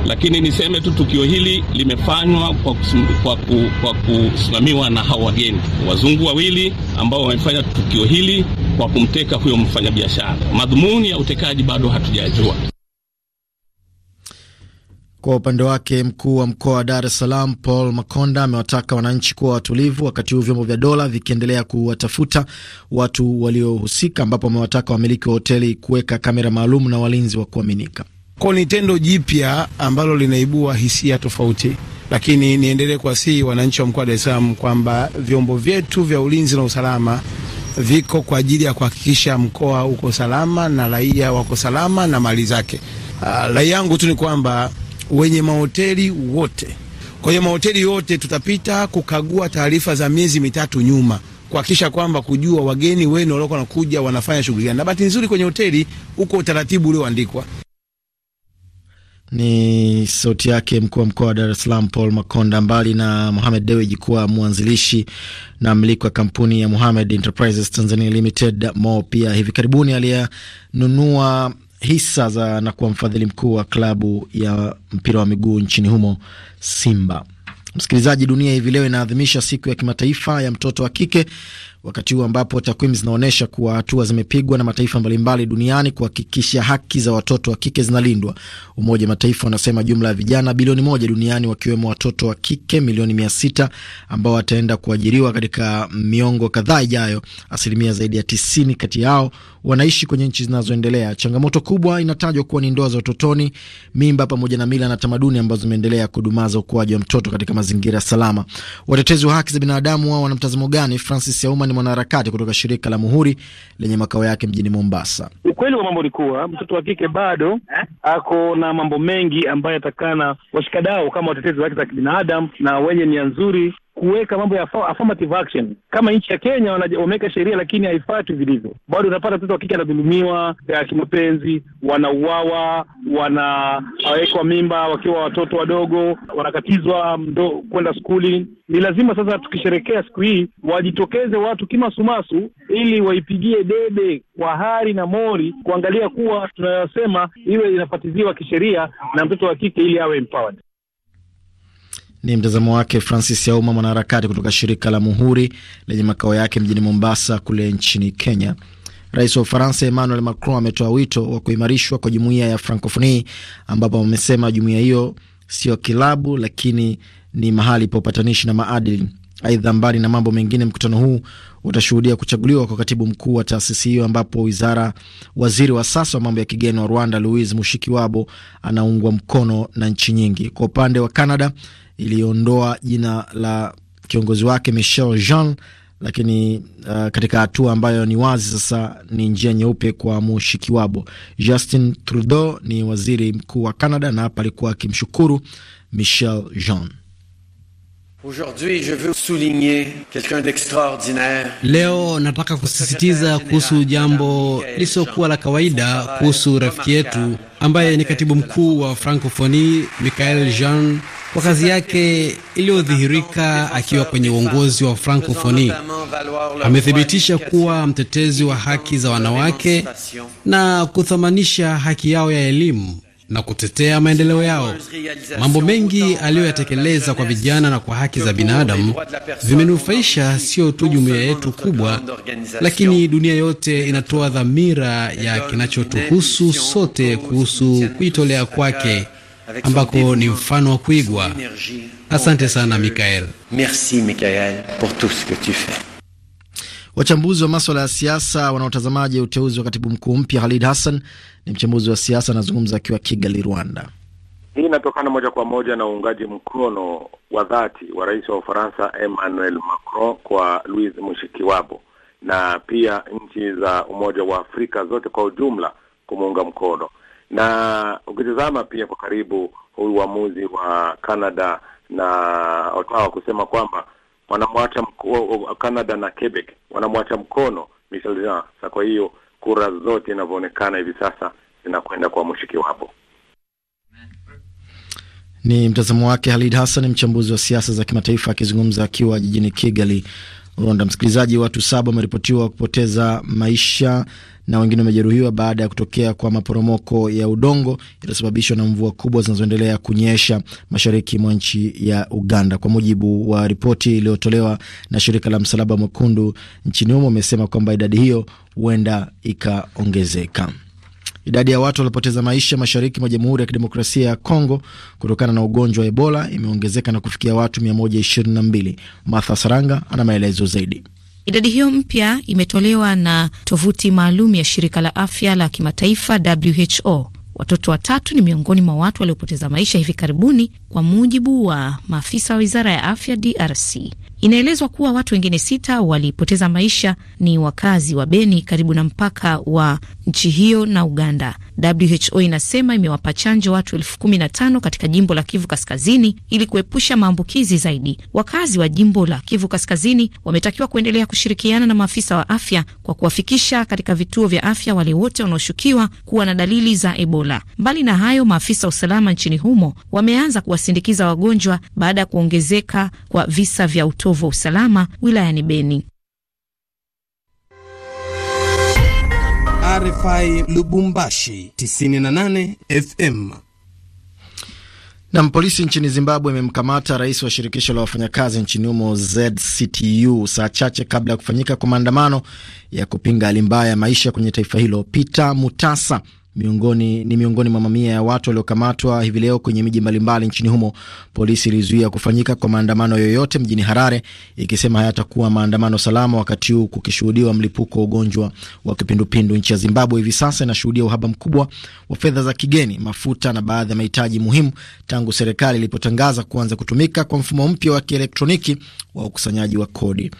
lakini niseme tu tukio hili limefanywa kwa, kwa, kwa kusimamiwa na hao wageni wazungu wawili ambao wamefanya tukio hili kwa kumteka huyo mfanyabiashara. Madhumuni ya uteka uwajibikaji bado hatujajua. Kwa upande wake mkuu wa mkoa wa Dar es Salaam Paul Makonda amewataka wananchi kuwa watulivu, wakati huu vyombo vya dola vikiendelea kuwatafuta watu waliohusika, ambapo amewataka wamiliki wa hoteli kuweka kamera maalum na walinzi wa kuaminika. Kwa ni tendo jipya ambalo linaibua hisia tofauti, lakini niendelee kuwasihi wananchi wa mkoa wa Dar es Salaam kwamba vyombo vyetu vya ulinzi na usalama viko kwa ajili ya kuhakikisha mkoa uko salama na raia wako salama na mali zake. Uh, rai yangu tu ni kwamba wenye mahoteli wote, kwenye mahoteli yote tutapita kukagua taarifa za miezi mitatu nyuma kuhakikisha kwamba kujua wageni wenu walioko wanakuja wanafanya shughuli gani, na bahati nzuri kwenye hoteli uko utaratibu ulioandikwa. Ni sauti yake mkuu wa mkoa wa Dar es Salaam Paul Makonda. Mbali na Mohamed Deweji kuwa mwanzilishi na mmiliki wa kampuni ya Mohamed Enterprises Tanzania Limited, Mo pia hivi karibuni aliyenunua hisa za na kuwa mfadhili mkuu wa klabu ya mpira wa miguu nchini humo Simba. Msikilizaji, dunia hivi leo inaadhimisha siku ya kimataifa ya mtoto wa kike wakati huu ambapo takwimu zinaonyesha kuwa hatua zimepigwa na mataifa mbalimbali duniani kuhakikisha haki za watoto wa kike zinalindwa. Umoja wa Mataifa wanasema jumla ya vijana bilioni moja duniani wakiwemo watoto wa kike milioni mia sita ambao wataenda kuajiriwa katika miongo kadhaa ijayo. Asilimia zaidi ya tisini kati yao wanaishi kwenye nchi zinazoendelea. Changamoto kubwa inatajwa kuwa ni ndoa za utotoni, mimba, pamoja na mila na tamaduni ambazo zimeendelea kudumaza ukuaji wa mtoto katika mazingira salama. Watetezi wa haki za binadamu wao wana mtazamo gani? Francis Yauma mwanaharakati kutoka shirika la Muhuri lenye makao yake mjini Mombasa. Ukweli wa mambo ni kuwa mtoto wa kike bado ako na mambo mengi ambayo atakana washikadau kama watetezi wake za kibinadamu na wenye nia nzuri kuweka mambo ya affirmative action. Kama nchi ya Kenya wameweka sheria lakini haifuatwi vilivyo, bado unapata mtoto wa kike anadhulumiwa kimapenzi, wanauawa, wanawekwa mimba wakiwa watoto wadogo, wanakatizwa mm, kwenda skuli. Ni lazima sasa, tukisherekea siku hii, wajitokeze watu kimasumasu, ili waipigie debe kwa hari na mori, kuangalia kuwa tunayosema iwe inafatiziwa kisheria na mtoto wa kike ili awe empowered. Ni mtazamo wake Francis Yauma, mwanaharakati kutoka shirika la Muhuri lenye makao yake mjini Mombasa kule nchini Kenya. Rais wa Ufaransa Emmanuel Macron ametoa wito wa kuimarishwa kwa jumuiya ya Francophonie, ambapo amesema jumuiya hiyo sio kilabu, lakini ni mahali pa upatanishi na maadili. Aidha, mbali na mambo mengine, mkutano huu utashuhudia kuchaguliwa kwa katibu mkuu wa taasisi hiyo, ambapo wizara waziri wa sasa wa mambo ya kigeni wa Rwanda Louise Mushikiwabo anaungwa mkono na nchi nyingi. Kwa upande wa Canada iliondoa jina la kiongozi wake Michel Jean, lakini uh, katika hatua ambayo ni wazi sasa ni njia nyeupe kwa Mushikiwabo. Justin Trudeau ni waziri mkuu wa Canada na hapa alikuwa akimshukuru Michel Jean. Aujourd'hui, je veux souligner quelqu'un d'extraordinaire. Leo nataka kusisitiza kuhusu jambo lisiokuwa la kawaida kuhusu rafiki yetu ambaye ni katibu mkuu wa Francophonie Michael Jean kwa kazi yake iliyodhihirika akiwa kwenye uongozi wa Francophonie. Amethibitisha kuwa mtetezi wa haki za wanawake na kuthamanisha haki yao ya elimu na kutetea maendeleo yao. Mambo mengi aliyoyatekeleza kwa vijana na kwa haki za binadamu vimenufaisha sio tu jumuiya yetu kubwa, lakini dunia yote inatoa dhamira ya kinachotuhusu sote kuhusu kujitolea kwake ambako ni mfano wa kuigwa. Asante sana Mikael. Merci Mikael pour tout ce que tu fais. Wachambuzi wa maswala ya siasa wanaotazamaji uteuzi wa katibu mkuu mpya. Khalid Hassan ni mchambuzi wa siasa, anazungumza akiwa Kigali, Rwanda. Hii inatokana moja kwa moja na uungaji mkono wa dhati wa rais wa Ufaransa Emmanuel Macron kwa luis Mushikiwabo na pia nchi za Umoja wa Afrika zote kwa ujumla kumuunga mkono, na ukitizama pia kwa karibu huu uamuzi wa Canada na Ottawa kusema kwamba wanamwacha Canada na Quebec wanamwacha mkono Michel Jean. Sa kwa hiyo kura zote inavyoonekana hivi sasa zinakwenda kwa mushiki wapo Ni mtazamo wake Halid Hassan, mchambuzi wa siasa za kimataifa akizungumza akiwa jijini Kigali, Rwanda. Msikilizaji, watu saba wameripotiwa kupoteza maisha na wengine wamejeruhiwa baada ya kutokea kwa maporomoko ya udongo yaliyosababishwa na mvua kubwa zinazoendelea kunyesha mashariki mwa nchi ya Uganda. Kwa mujibu wa ripoti iliyotolewa na shirika la Msalaba Mwekundu nchini humo, amesema kwamba idadi hiyo huenda ikaongezeka. Idadi ya watu waliopoteza maisha mashariki mwa Jamhuri ya Kidemokrasia ya Kongo kutokana na ugonjwa wa Ebola imeongezeka na kufikia watu 122. Martha Saranga ana maelezo zaidi. Idadi hiyo mpya imetolewa na tovuti maalum ya shirika la afya la kimataifa WHO. Watoto watatu ni miongoni mwa watu waliopoteza maisha hivi karibuni, kwa mujibu wa maafisa wa wizara ya afya DRC. Inaelezwa kuwa watu wengine sita walipoteza maisha ni wakazi wa Beni karibu na mpaka wa nchi hiyo na Uganda. WHO inasema imewapa chanjo watu elfu kumi na tano katika jimbo la Kivu Kaskazini ili kuepusha maambukizi zaidi. Wakazi wa jimbo la Kivu Kaskazini wametakiwa kuendelea kushirikiana na maafisa wa afya kwa kuwafikisha katika vituo vya afya wale wote wanaoshukiwa kuwa na dalili za Ebola. Mbali na hayo, maafisa wa usalama nchini humo wameanza kuwasindikiza wagonjwa baada ya kuongezeka kwa visa vya utovu wa usalama wilayani Beni. RFI Lubumbashi 98 FM. Nam, polisi nchini Zimbabwe imemkamata rais wa shirikisho la wafanyakazi nchini humo ZCTU saa chache kabla ya kufanyika kwa maandamano ya kupinga hali mbaya ya maisha kwenye taifa hilo. Peter Mutasa miongoni, ni miongoni mwa mamia ya watu waliokamatwa hivi leo kwenye miji mbalimbali nchini humo. Polisi ilizuia kufanyika kwa maandamano yoyote mjini Harare ikisema hayatakuwa maandamano salama, wakati huu kukishuhudiwa mlipuko wa ugonjwa wa kipindupindu. Nchi ya Zimbabwe hivi sasa inashuhudia uhaba mkubwa wa fedha za kigeni, mafuta na baadhi ya mahitaji muhimu tangu serikali ilipotangaza kuanza kutumika kwa mfumo mpya wa kielektroniki wa ukusanyaji wa kodi.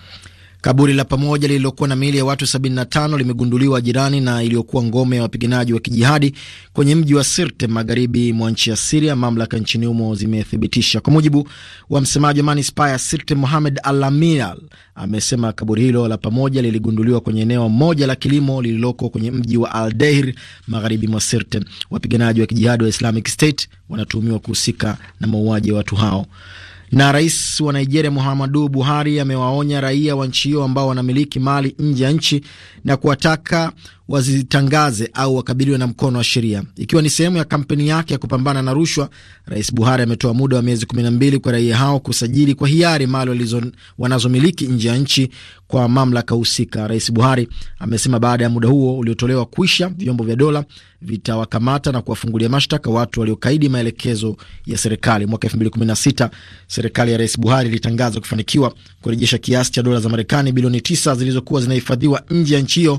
Kaburi la pamoja lililokuwa na miili ya watu 75 limegunduliwa jirani na iliyokuwa ngome ya wapiganaji wa kijihadi kwenye mji wa Sirte magharibi mwa nchi ya Siria, mamlaka nchini humo zimethibitisha. Kwa mujibu wa msemaji wa manispaa ya Sirte, Mohamed Alamial amesema kaburi hilo la pamoja liligunduliwa kwenye eneo moja la kilimo lililoko kwenye mji wa Al magharibi mwa Sirte. Wapiganaji wa kijihadi wa Islamic State wanatuhumiwa kuhusika na mauaji ya watu hao. Na rais wa Nigeria Muhammadu Buhari amewaonya raia wa nchi hiyo ambao wanamiliki mali nje ya nchi na kuwataka wazitangaze au wakabiliwe na mkono wa sheria. Ikiwa ni sehemu ya kampeni yake ya kupambana na rushwa, Rais Buhari ametoa muda wa miezi kumi na mbili kwa raia hao kusajili kwa hiari mali walizo wanazomiliki nje ya nchi kwa mamlaka husika. Rais Buhari amesema baada ya muda huo uliotolewa kuisha, vyombo vya dola vitawakamata na kuwafungulia mashtaka watu waliokaidi maelekezo ya serikali. Mwaka 2016 serikali ya Rais Buhari ilitangaza kufanikiwa kurejesha kiasi cha dola za Marekani bilioni 9 zilizokuwa zinahifadhiwa nje ya nchi hiyo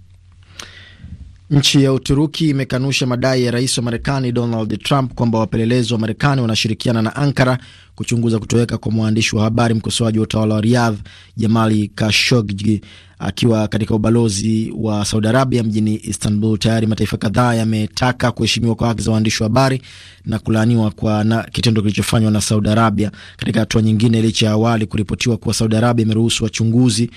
Nchi ya Uturuki imekanusha madai ya rais wa Marekani Donald Trump kwamba wapelelezi wa Marekani wanashirikiana na Ankara kuchunguza kutoweka kwa mwandishi wa habari mkosoaji wa utawala wa Riyadh Jamali Khashoggi akiwa katika ubalozi wa Saudi Arabia mjini Istanbul. Tayari mataifa kadhaa yametaka kuheshimiwa kwa haki za waandishi wa habari na kulaaniwa kwa na kitendo kilichofanywa na Saudi Arabia. Katika hatua nyingine, licha ya awali kuripotiwa kuwa Saudi Arabia imeruhusu wachunguzi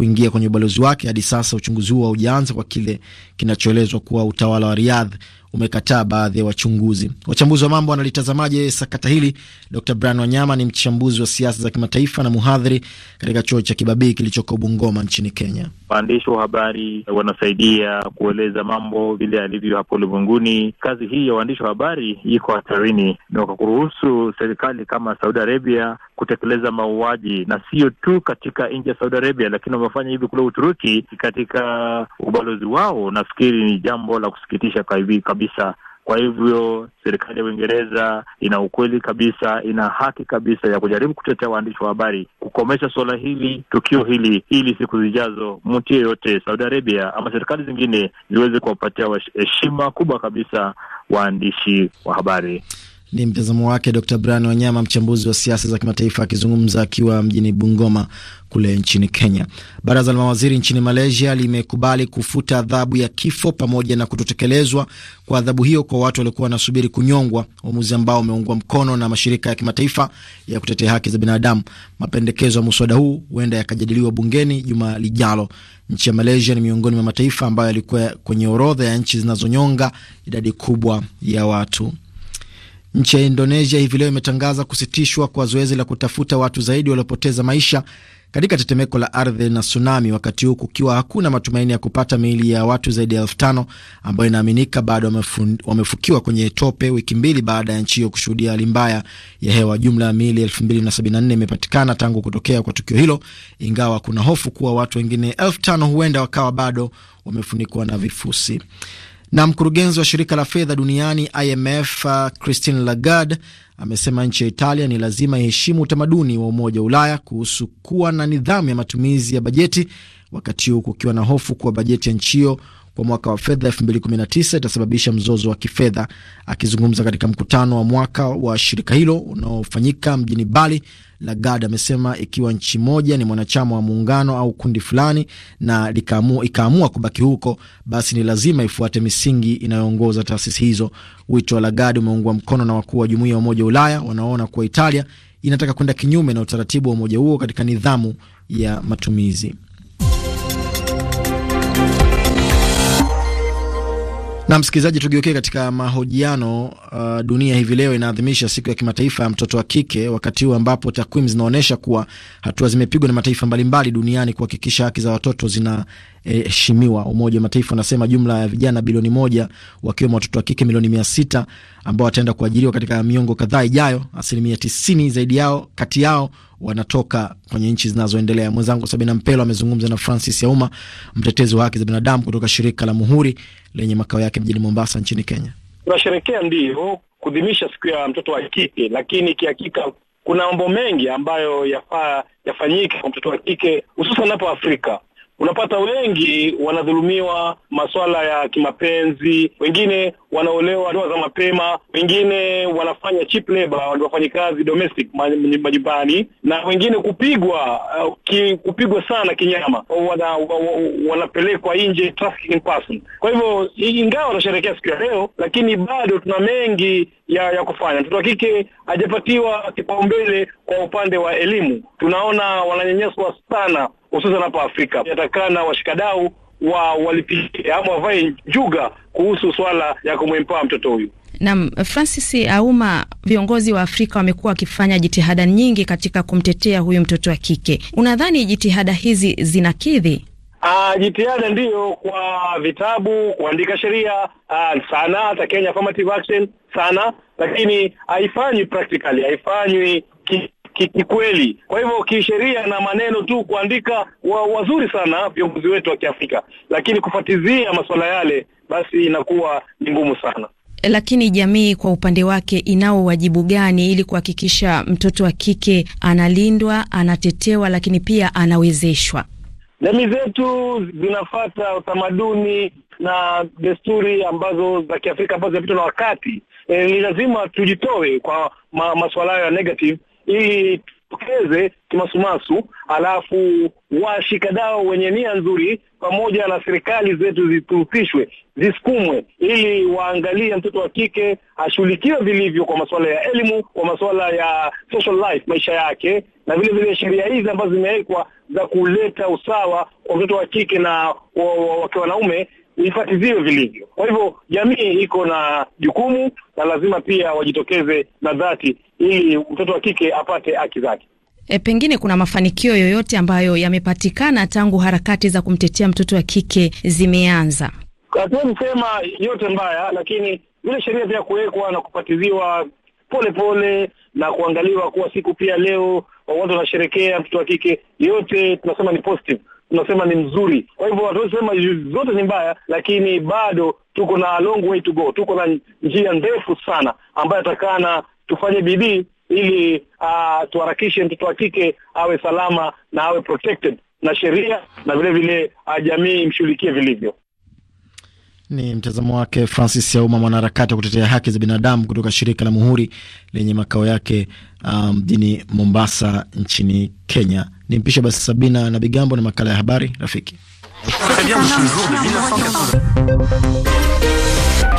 kuingia kwenye ubalozi wake. Hadi sasa uchunguzi huo haujaanza kwa kile kinachoelezwa kuwa utawala wa Riyadh umekataa baadhi ya wachunguzi. Wachambuzi wa mambo wanalitazamaje sakata hili? Dr Brian Wanyama ni mchambuzi wa siasa za kimataifa na mhadhiri katika chuo cha Kibabii kilichoko Bungoma nchini Kenya. Waandishi wa habari wanasaidia kueleza mambo vile yalivyo hapo ulimwenguni. Kazi hii ya waandishi wa habari iko hatarini, na kwa kuruhusu serikali kama Saudi Arabia kutekeleza mauaji, na sio tu katika nchi ya Saudi Arabia, lakini wamefanya hivi kule Uturuki katika ubalozi wao. Nafikiri ni jambo la kusikitisha kabisa. Kwa hivyo serikali ya Uingereza ina ukweli kabisa, ina haki kabisa ya kujaribu kutetea waandishi wa habari, kukomesha suala hili, tukio hili, ili siku zijazo mtu yeyote Saudi Arabia ama serikali zingine ziweze kuwapatia heshima kubwa kabisa waandishi wa habari. Ni mtazamo wake Dr Brian Wanyama, mchambuzi wa siasa za kimataifa, akizungumza akiwa mjini Bungoma kule nchini Kenya. Baraza la mawaziri nchini Malaysia limekubali kufuta adhabu ya kifo pamoja na kutotekelezwa kwa adhabu hiyo kwa watu waliokuwa wanasubiri kunyongwa, uamuzi ambao umeungwa mkono na mashirika ya kimataifa ya kutetea haki za binadamu. Mapendekezo ya muswada huu huenda yakajadiliwa bungeni juma lijalo. Nchi ya Malaysia ni miongoni mwa mataifa ambayo yalikuwa kwenye orodha ya nchi zinazonyonga idadi kubwa ya watu. Nchi ya Indonesia hivi leo imetangaza kusitishwa kwa zoezi la kutafuta watu zaidi waliopoteza maisha katika tetemeko la ardhi na tsunami, wakati huu kukiwa hakuna matumaini ya kupata miili ya watu zaidi ya elfu tano ambayo inaaminika bado wamefukiwa kwenye tope, wiki mbili baada ya nchi hiyo kushuhudia hali mbaya ya hewa. Jumla ya miili elfu mbili na sabini na nne imepatikana tangu kutokea kwa tukio hilo, ingawa kuna hofu kuwa watu wengine elfu tano huenda wakawa bado wamefunikwa na vifusi. Na mkurugenzi wa shirika la fedha duniani IMF uh, Christine Lagarde amesema nchi ya Italia ni lazima iheshimu utamaduni wa Umoja wa Ulaya kuhusu kuwa na nidhamu ya matumizi ya bajeti, wakati huu kukiwa na hofu kuwa bajeti ya nchi hiyo kwa mwaka wa fedha 2019 itasababisha mzozo wa kifedha. Akizungumza katika mkutano wa mwaka wa shirika hilo unaofanyika mjini Bali, Lagarde amesema ikiwa nchi moja ni mwanachama wa muungano au kundi fulani na ikaamua kubaki huko, basi ni lazima ifuate misingi inayoongoza taasisi hizo. Wito wa Lagarde umeungwa mkono na wakuu wa jumuiya ya Umoja wa Ulaya wanaoona kuwa Italia inataka kwenda kinyume na utaratibu wa umoja huo katika nidhamu ya matumizi. Na msikilizaji, tugeukie katika mahojiano. Uh, dunia hivi leo inaadhimisha siku ya kimataifa ya mtoto wa kike, wakati huu ambapo takwimu zinaonyesha kuwa hatua zimepigwa na mataifa mbalimbali duniani kuhakikisha haki za watoto zina heshimiwa. Umoja wa Mataifa unasema jumla ya vijana bilioni moja wakiwemo watoto wa kike milioni mia sita ambao wataenda kuajiriwa katika miongo kadhaa ijayo, asilimia tisini zaidi yao kati yao wanatoka kwenye nchi zinazoendelea. Mwenzangu Sabina Mpelo amezungumza na Francis Yauma, mtetezi wa haki za binadamu kutoka shirika la Muhuri lenye makao yake mjini Mombasa nchini Kenya. Tunasherekea ndio kudhimisha siku ya mtoto wa kike, lakini kihakika kuna mambo mengi ambayo yafaa yafanyike kwa mtoto wa kike hususan hapo Afrika unapata wengi wanadhulumiwa masuala ya kimapenzi, wengine wanaolewa ndoa za mapema, wengine wanafanya cheap labor, wafanyikazi domestic majumbani, na wengine kupigwa uh, ki, kupigwa sana kinyama, wanapelekwa nje trafficking person. Kwa hivyo ingawa wanasherehekea siku ya leo, lakini bado tuna mengi ya ya kufanya. Mtoto wa kike hajapatiwa kipaumbele kwa upande wa elimu, tunaona wananyanyaswa sana hususan hapa Afrika. Yatakaa washikadau wa walipishi ama wavae njuga kuhusu swala ya kumwempaa mtoto huyu. nam Francis Auma, viongozi wa Afrika wamekuwa wakifanya jitihada nyingi katika kumtetea huyu mtoto wa kike. Unadhani jitihada hizi zinakidhi? Ah, jitihada ndiyo, kwa vitabu, kuandika sheria ah, sana, hata Kenya affirmative action sana, lakini haifanywi practically, haifanywi kikweli. Kwa hivyo kisheria na maneno tu kuandika wa, wazuri sana viongozi wetu wa Kiafrika, lakini kufatizia masuala yale basi inakuwa ni ngumu sana. Lakini jamii kwa upande wake inao wajibu gani ili kuhakikisha mtoto wa kike analindwa, anatetewa, lakini pia anawezeshwa? Jamii zetu zinafata utamaduni na desturi ambazo za Kiafrika ambazo zinapitwa na wakati. E, ni lazima tujitoe kwa ma, masuala hayo ya negative itokeze kimasumasu, alafu washikadao wenye nia nzuri pamoja na serikali zetu zituhusishwe, zisukumwe ili waangalie mtoto wa kike ashughulikiwe vilivyo kwa masuala ya elimu, kwa masuala ya social life, maisha yake, na vile vile sheria hizi ambazo zimewekwa za kuleta usawa kwa mtoto wa kike na wake wanaume ifatiziwe vilivyo. Kwa hivyo jamii iko na jukumu na lazima pia wajitokeze na dhati ili mtoto wa kike apate haki zake. E, pengine kuna mafanikio yoyote ambayo yamepatikana tangu harakati za kumtetea mtoto wa kike zimeanza? Hatuwezi sema yote mbaya, lakini zile sheria pia kuwekwa na kupatiziwa pole pole na kuangaliwa kuwa siku pia leo watu wanasherekea mtoto wa kike, yote tunasema ni positive, tunasema ni mzuri. Kwa hivyo hatuwezi sema zote ni mbaya, lakini bado tuko na long way to go, tuko na njia ndefu sana ambayo atakana tufanye bidii ili uh, tuharakishe mtoto wa kike awe salama na awe protected na sheria na vile vile uh, jamii imshughulikie vilivyo. Ni mtazamo wake Francis Yauma, mwanaharakati wa kutetea haki za binadamu kutoka shirika la Muhuri lenye makao yake ah, mjini um, Mombasa nchini Kenya. Ni mpisha basi Sabina na Bigambo na makala ya habari rafiki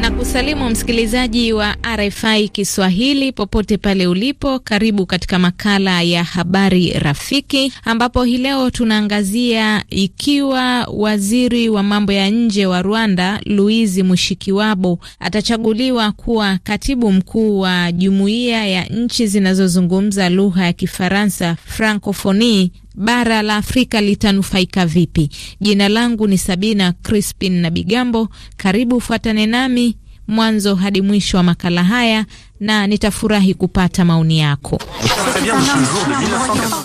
na kusalimu msikilizaji wa RFI Kiswahili popote pale ulipo. Karibu katika makala ya habari rafiki, ambapo hii leo tunaangazia ikiwa waziri wa mambo ya nje wa Rwanda Louise Mushikiwabo atachaguliwa kuwa katibu mkuu wa jumuiya ya nchi zinazozungumza lugha ya Kifaransa Francophonie bara la Afrika litanufaika vipi? Jina langu ni Sabina Crispin na Bigambo. Karibu ufuatane nami mwanzo hadi mwisho wa makala haya na nitafurahi kupata maoni yako.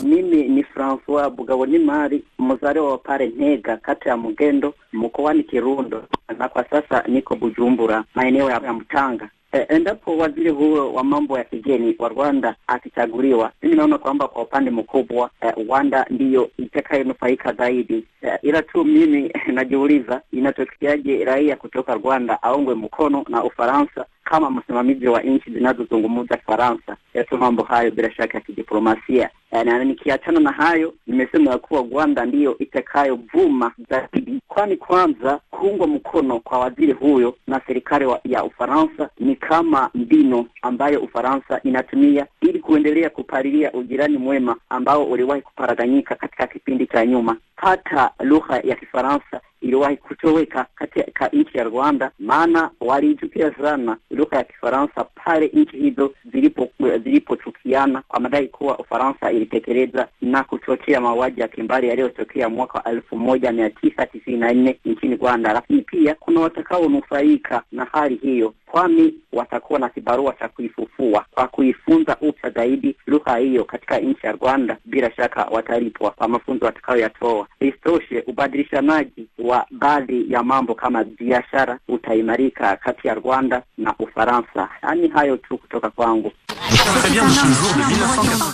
Mimi ni Francois mari mzaliwa wa pale Ntega, kata ya Mugendo, mkoani Kirundo, na kwa sasa niko Bujumbura, maeneo ya Mtanga. E, endapo waziri huyo wa mambo ya kigeni wa Rwanda akichaguliwa, mimi naona kwamba kwa upande mkubwa e, Rwanda ndiyo itakayonufaika zaidi e, ila tu mimi najiuliza inatokeaje raia kutoka Rwanda aungwe mkono na Ufaransa kama msimamizi wa nchi zinazozungumza Kifaransa yato mambo hayo bila shaka ya kidiplomasia. Eh, na nikiachana na hayo, nimesema ya kuwa Rwanda ndiyo itakayovuma zaidi, kwani kwanza kuungwa mkono kwa waziri huyo na serikali ya Ufaransa ni kama mbino ambayo Ufaransa inatumia ili kuendelea kupalilia ujirani mwema ambao uliwahi kuparaganyika katika kipindi cha nyuma. Hata lugha ya Kifaransa iliwahi kutoweka katika nchi ya Rwanda, maana waliichukia sana lugha ya Kifaransa pale nchi hizo zilipochukiana kwa madai kuwa Ufaransa ilitekeleza na kuchochea mauaji ya kimbari yaliyotokea mwaka wa elfu moja mia tisa tisini na nne nchini Rwanda. Lakini pia kuna watakaonufaika na hali hiyo, kwani watakuwa na kibarua cha kuifufua kwa kuifunza upya zaidi lugha hiyo katika nchi ya Rwanda. Bila shaka watalipwa kwa mafunzo watakayoyatoa. Isitoshe, ubadilishanaji wa wa baadhi ya mambo kama biashara utaimarika kati ya Rwanda na Ufaransa. Yaani hayo tu kutoka kwangu.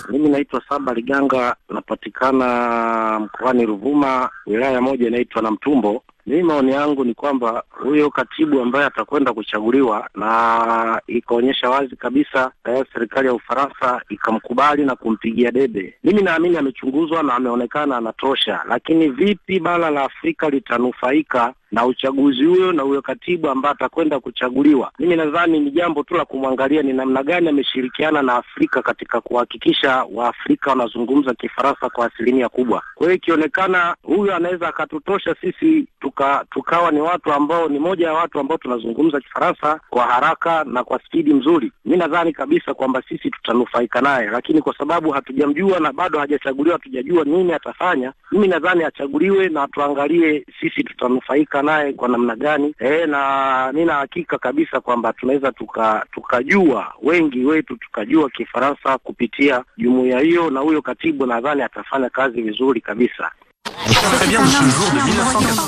Mimi naitwa Saba Liganga, napatikana mkoani Ruvuma, wilaya moja inaitwa Namtumbo. Mimi maoni yangu ni kwamba huyo katibu ambaye atakwenda kuchaguliwa, na ikaonyesha wazi kabisa eh, serikali ya Ufaransa ikamkubali na kumpigia debe, mimi naamini amechunguzwa na ameonekana anatosha. Lakini vipi bara la Afrika litanufaika na uchaguzi huyo na huyo katibu ambaye atakwenda kuchaguliwa? Mimi nadhani ni jambo tu la kumwangalia ni namna gani ameshirikiana na Afrika katika kuhakikisha Waafrika wanazungumza Kifaransa kwa asilimia kubwa. Kwa hiyo ikionekana huyo anaweza akatutosha sisi tuka tuka, tukawa ni watu ambao ni moja ya watu ambao tunazungumza Kifaransa kwa haraka na kwa spidi mzuri. Mi nadhani kabisa kwamba sisi tutanufaika naye, lakini kwa sababu hatujamjua na bado hajachaguliwa, hatujajua nini atafanya. Mimi nadhani achaguliwe na tuangalie sisi tutanufaika naye kwa namna gani. E, na nina hakika kabisa kwamba tunaweza tuka, tukajua wengi wetu tukajua Kifaransa kupitia jumuiya hiyo, na huyo katibu nadhani atafanya kazi vizuri kabisa.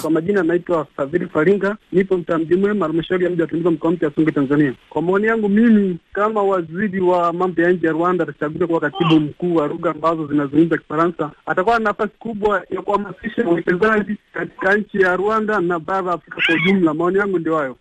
Kwa majina anaitwa Fadhili Faringa, nipo mtaa Mji halmashauri ya mji wa Tunduma, mkoa mpya Songwe, Tanzania. Kwa maoni yangu mimi, kama waziri wa mambo ya nje ya Rwanda atachaguliwa kuwa katibu mkuu wa lugha ambazo zinazungumza Kifaransa, atakuwa na nafasi kubwa ya kuhamasisha uwekezaji katika nchi ya Rwanda na bara la Afrika kwa ujumla. Maoni yangu ndio hayo.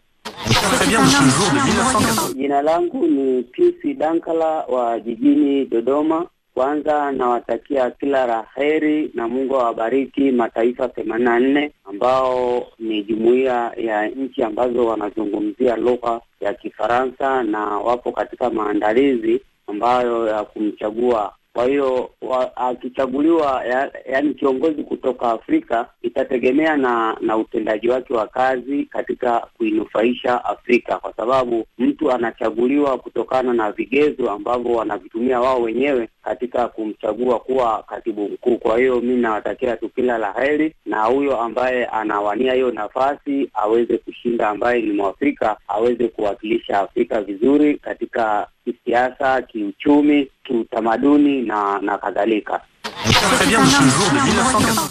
Jina langu ni PC Dankala wa jijini Dodoma. Kwanza nawatakia kila la heri na Mungu awabariki mataifa themanini na nne ambao ni jumuiya ya nchi ambazo wanazungumzia lugha ya Kifaransa na wapo katika maandalizi ambayo ya kumchagua kwa hiyo akichaguliwa, ya, yaani kiongozi kutoka Afrika itategemea na na utendaji wake wa kazi katika kuinufaisha Afrika, kwa sababu mtu anachaguliwa kutokana na vigezo ambavyo wanavitumia wao wenyewe katika kumchagua kuwa katibu mkuu. Kwa hiyo mi nawatakia tu kila la heri, na huyo ambaye anawania hiyo nafasi aweze kushinda, ambaye ni Mwafrika aweze kuwakilisha Afrika vizuri katika kisiasa, kiuchumi, kiutamaduni na na kadhalika.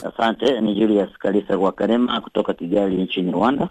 Asante. Ni Julius Kalisa wa Karema kutoka Kigali nchini Rwanda.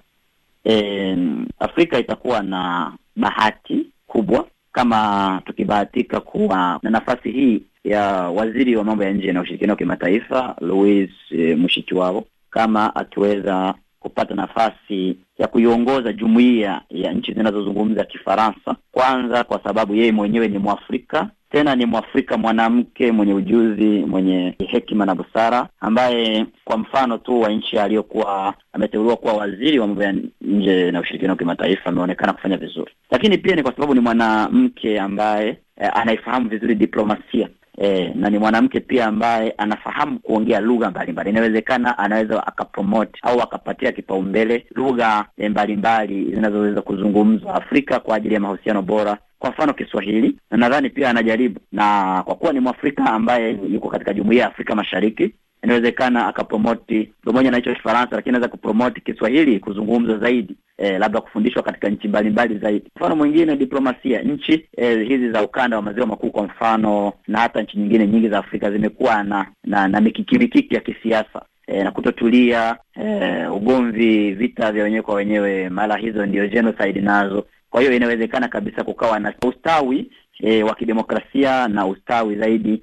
E, Afrika itakuwa na bahati kubwa kama tukibahatika kuwa na nafasi hii ya waziri wa mambo ya nje na ushirikiano wa kimataifa Louis e, eh, Mushikiwabo, kama akiweza kupata nafasi ya kuiongoza jumuiya ya nchi zinazozungumza Kifaransa, kwanza kwa sababu yeye mwenyewe ni Mwafrika, tena ni Mwafrika mwanamke mwenye ujuzi, mwenye hekima na busara, ambaye kwa mfano tu wa nchi aliyokuwa ameteuliwa kuwa waziri wa mambo ya nje na ushirikiano wa kimataifa ameonekana kufanya vizuri, lakini pia ni kwa sababu ni mwanamke ambaye eh, anaifahamu vizuri diplomasia eh, na ni mwanamke pia ambaye anafahamu kuongea lugha mbalimbali. Inawezekana anaweza akapromote au akapatia kipaumbele lugha eh, mbalimbali zinazoweza kuzungumzwa Afrika kwa ajili ya mahusiano bora kwa mfano Kiswahili, na nadhani pia anajaribu, na kwa kuwa ni Mwafrika ambaye yuko katika jumuiya ya Afrika Mashariki, inawezekana akapromoti pamoja na hicho Kifaransa, lakini anaweza kupromoti Kiswahili kuzungumzwa zaidi, eh, labda kufundishwa katika nchi mbalimbali zaidi. Mfano mwingine diplomasia, nchi eh, hizi za ukanda wa maziwa makuu kwa mfano, na hata nchi nyingine nyingi za Afrika zimekuwa na na, na mikikimikiki ya kisiasa E, na kutotulia e, ugomvi, vita vya wenyewe kwa wenyewe, mara hizo ndio genocide nazo. Kwa hiyo inawezekana kabisa kukawa na ustawi e, wa kidemokrasia na ustawi zaidi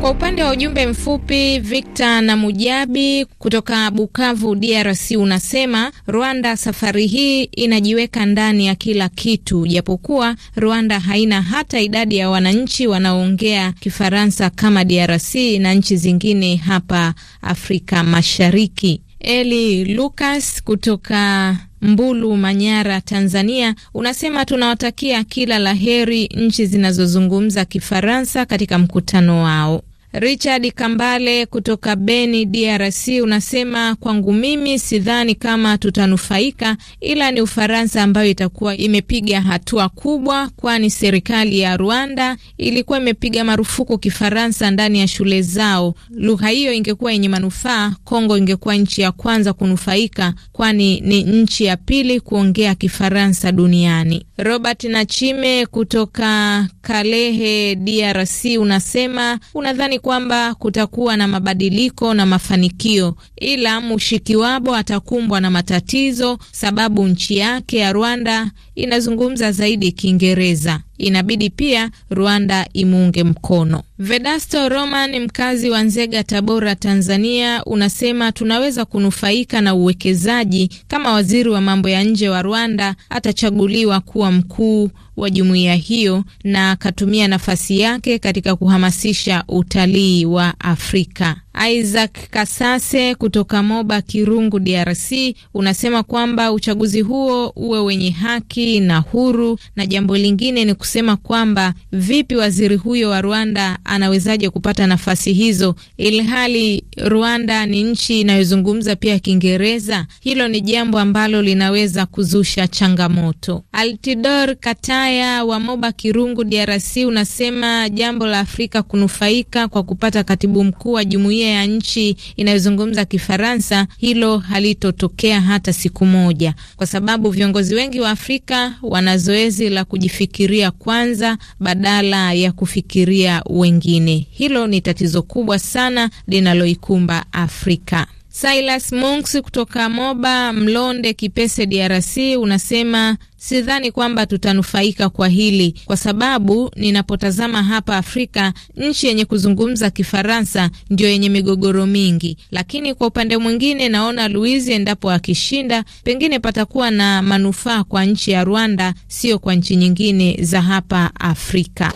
Kwa upande wa ujumbe mfupi, Victor na Mujabi kutoka Bukavu, DRC, unasema Rwanda safari hii inajiweka ndani ya kila kitu, japokuwa Rwanda haina hata idadi ya wananchi wanaoongea Kifaransa kama DRC na nchi zingine hapa Afrika Mashariki. Eli Lucas kutoka Mbulu, Manyara, Tanzania, unasema tunawatakia kila la heri nchi zinazozungumza Kifaransa katika mkutano wao. Richard Kambale kutoka Beni, DRC, unasema kwangu mimi sidhani kama tutanufaika, ila ni Ufaransa ambayo itakuwa imepiga hatua kubwa, kwani serikali ya Rwanda ilikuwa imepiga marufuku Kifaransa ndani ya shule zao. Lugha hiyo ingekuwa yenye manufaa, Kongo ingekuwa nchi ya kwanza kunufaika, kwani ni nchi ya pili kuongea Kifaransa duniani. Robert Nachime kutoka Kalehe, DRC, unasema unadhani kwamba kutakuwa na mabadiliko na mafanikio, ila Mushikiwabo atakumbwa na matatizo, sababu nchi yake ya Rwanda inazungumza zaidi Kiingereza inabidi pia Rwanda imuunge mkono. Vedasto Roman, mkazi wa Nzega, Tabora, Tanzania, unasema tunaweza kunufaika na uwekezaji kama waziri wa mambo ya nje wa Rwanda atachaguliwa kuwa mkuu wa jumuiya hiyo na akatumia nafasi yake katika kuhamasisha utalii wa Afrika. Isaac Kasase kutoka Moba Kirungu, DRC, unasema kwamba uchaguzi huo uwe wenye haki na huru, na jambo lingine ni kusema kwamba vipi waziri huyo wa Rwanda anawezaje kupata nafasi hizo ilhali Rwanda ni nchi inayozungumza pia Kiingereza? Hilo ni jambo ambalo linaweza kuzusha changamoto. Altidor Kata Ulaya wa Moba Kirungu, DRC, unasema jambo la Afrika kunufaika kwa kupata katibu mkuu wa jumuiya ya nchi inayozungumza Kifaransa, hilo halitotokea hata siku moja, kwa sababu viongozi wengi wa Afrika wana zoezi la kujifikiria kwanza badala ya kufikiria wengine. Hilo ni tatizo kubwa sana linaloikumba Afrika. Silas Monks kutoka Moba Mlonde Kipese, DRC, unasema sidhani kwamba tutanufaika kwa hili, kwa sababu ninapotazama hapa Afrika, nchi yenye kuzungumza Kifaransa ndio yenye migogoro mingi. Lakini kwa upande mwingine, naona Luizi endapo akishinda, pengine patakuwa na manufaa kwa nchi ya Rwanda, sio kwa nchi nyingine za hapa Afrika.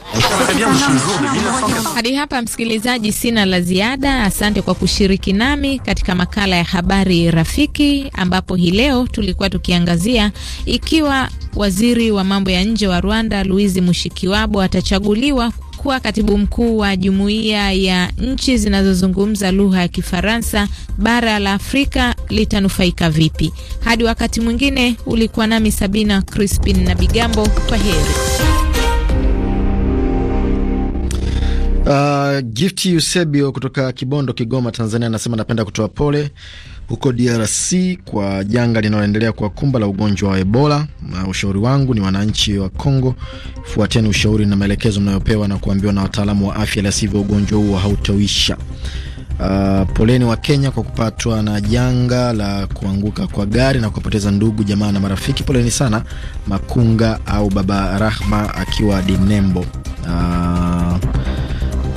Hadi hapa, msikilizaji, sina la ziada. Asante kwa kushiriki nami katika makala ya habari rafiki, ambapo hii leo tulikuwa tukiangazia ikiwa Waziri wa mambo ya nje wa Rwanda Louise Mushikiwabo atachaguliwa kuwa katibu mkuu wa jumuiya ya nchi zinazozungumza lugha ya Kifaransa. Bara la Afrika litanufaika vipi? Hadi wakati mwingine, ulikuwa nami Sabina Crispin na Bigambo. Kwa heri. Uh, Gift Eusebio kutoka Kibondo, Kigoma, Tanzania anasema, napenda kutoa pole huko DRC kwa janga linaloendelea kwa kumba la ugonjwa wa Ebola. Na ushauri wangu ni wananchi wa Kongo, fuateni ushauri na maelekezo mnayopewa na kuambiwa na wataalamu wa afya, la sivyo ugonjwa huo hautawisha. Uh, ah, poleni wa Kenya kwa kupatwa na janga la kuanguka kwa gari na kupoteza ndugu jamaa na marafiki. Poleni sana Makunga au Baba Rahma akiwa Dinembo. Uh,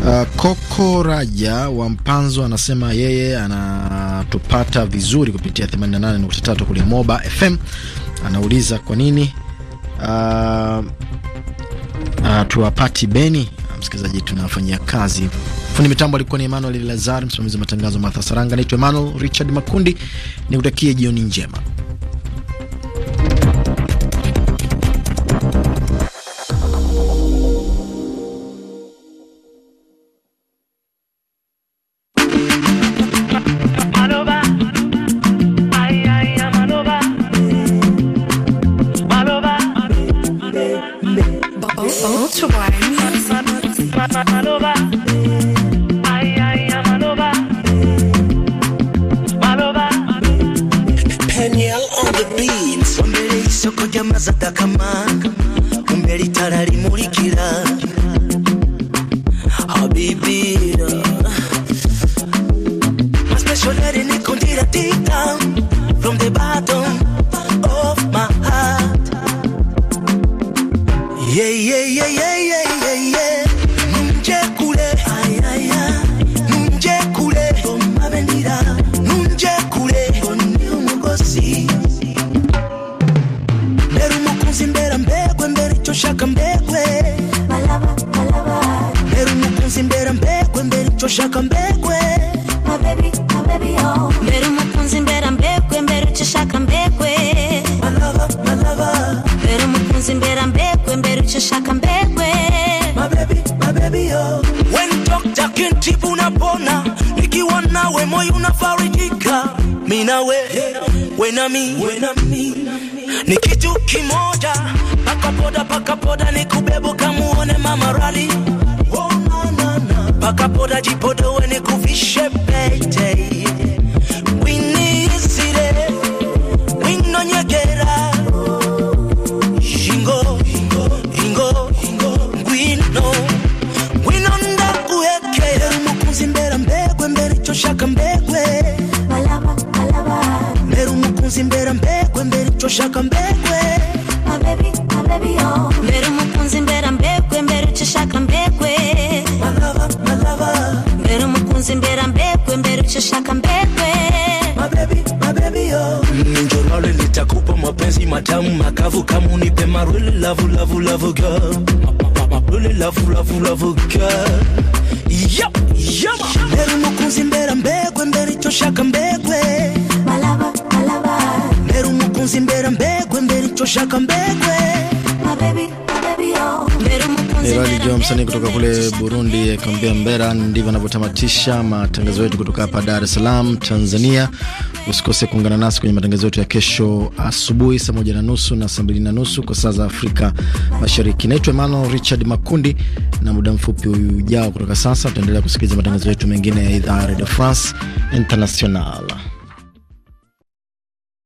Uh, Koko Raja wa Mpanzo anasema yeye anatupata vizuri kupitia 88.3 kule Moba FM. Anauliza kwa nini uh, uh, tuwapati Beni. Msikilizaji, tunafanyia kazi. Fundi mitambo alikuwa ni Emmanuel Lazar, msimamizi wa matangazo Martha Saranga. Naitwa Emmanuel Richard Makundi, nikutakie jioni njema. utoshaka oh. mbekwe mbere umukunzi mbere mbekwe mbere ucishaka mbekwe mbere umukunzi mbere mbekwe mbere ucishaka oh. mbekwe wenitokta kintibu unapona nikiwa nawe moyo unafarijika minawe wenami ni kitu kimoja pakapoda pakapoda nikubebo kamuone mama rali Kapoda da jipodo wene kuvishe pete winizire winonyegera ingo ingo ingo ngwino ngwino ndaguhekera umukunzi mbera mbegwe mbera icyo shaka mbegwe mbera umukunzi mbera mbegwe mbera icyo shaka mbegwe My baby, my baby, oh. Njolole litakupa mapenzi matamu makavu, kama unipe marwele lavu lavu lavu girl, lavu lavu lavu girl. mbegwe icyo shaka mbegwe Malaba, malaba. mbegwe icyo shaka mbegwe My baby, msanii oh. kutoka kule Burundi akiambia Mbera. Ndivyo anavyotamatisha matangazo yetu kutoka hapa Dar es Salaam, Tanzania. Usikose kuungana nasi kwenye matangazo yetu ya kesho asubuhi saa moja na nusu na saa mbili na nusu kwa saa za Afrika Mashariki. Naitwa Emmanuel Richard Makundi, na muda mfupi ujao kutoka sasa utaendelea kusikiliza matangazo yetu mengine ya idhaa ya Radio France International.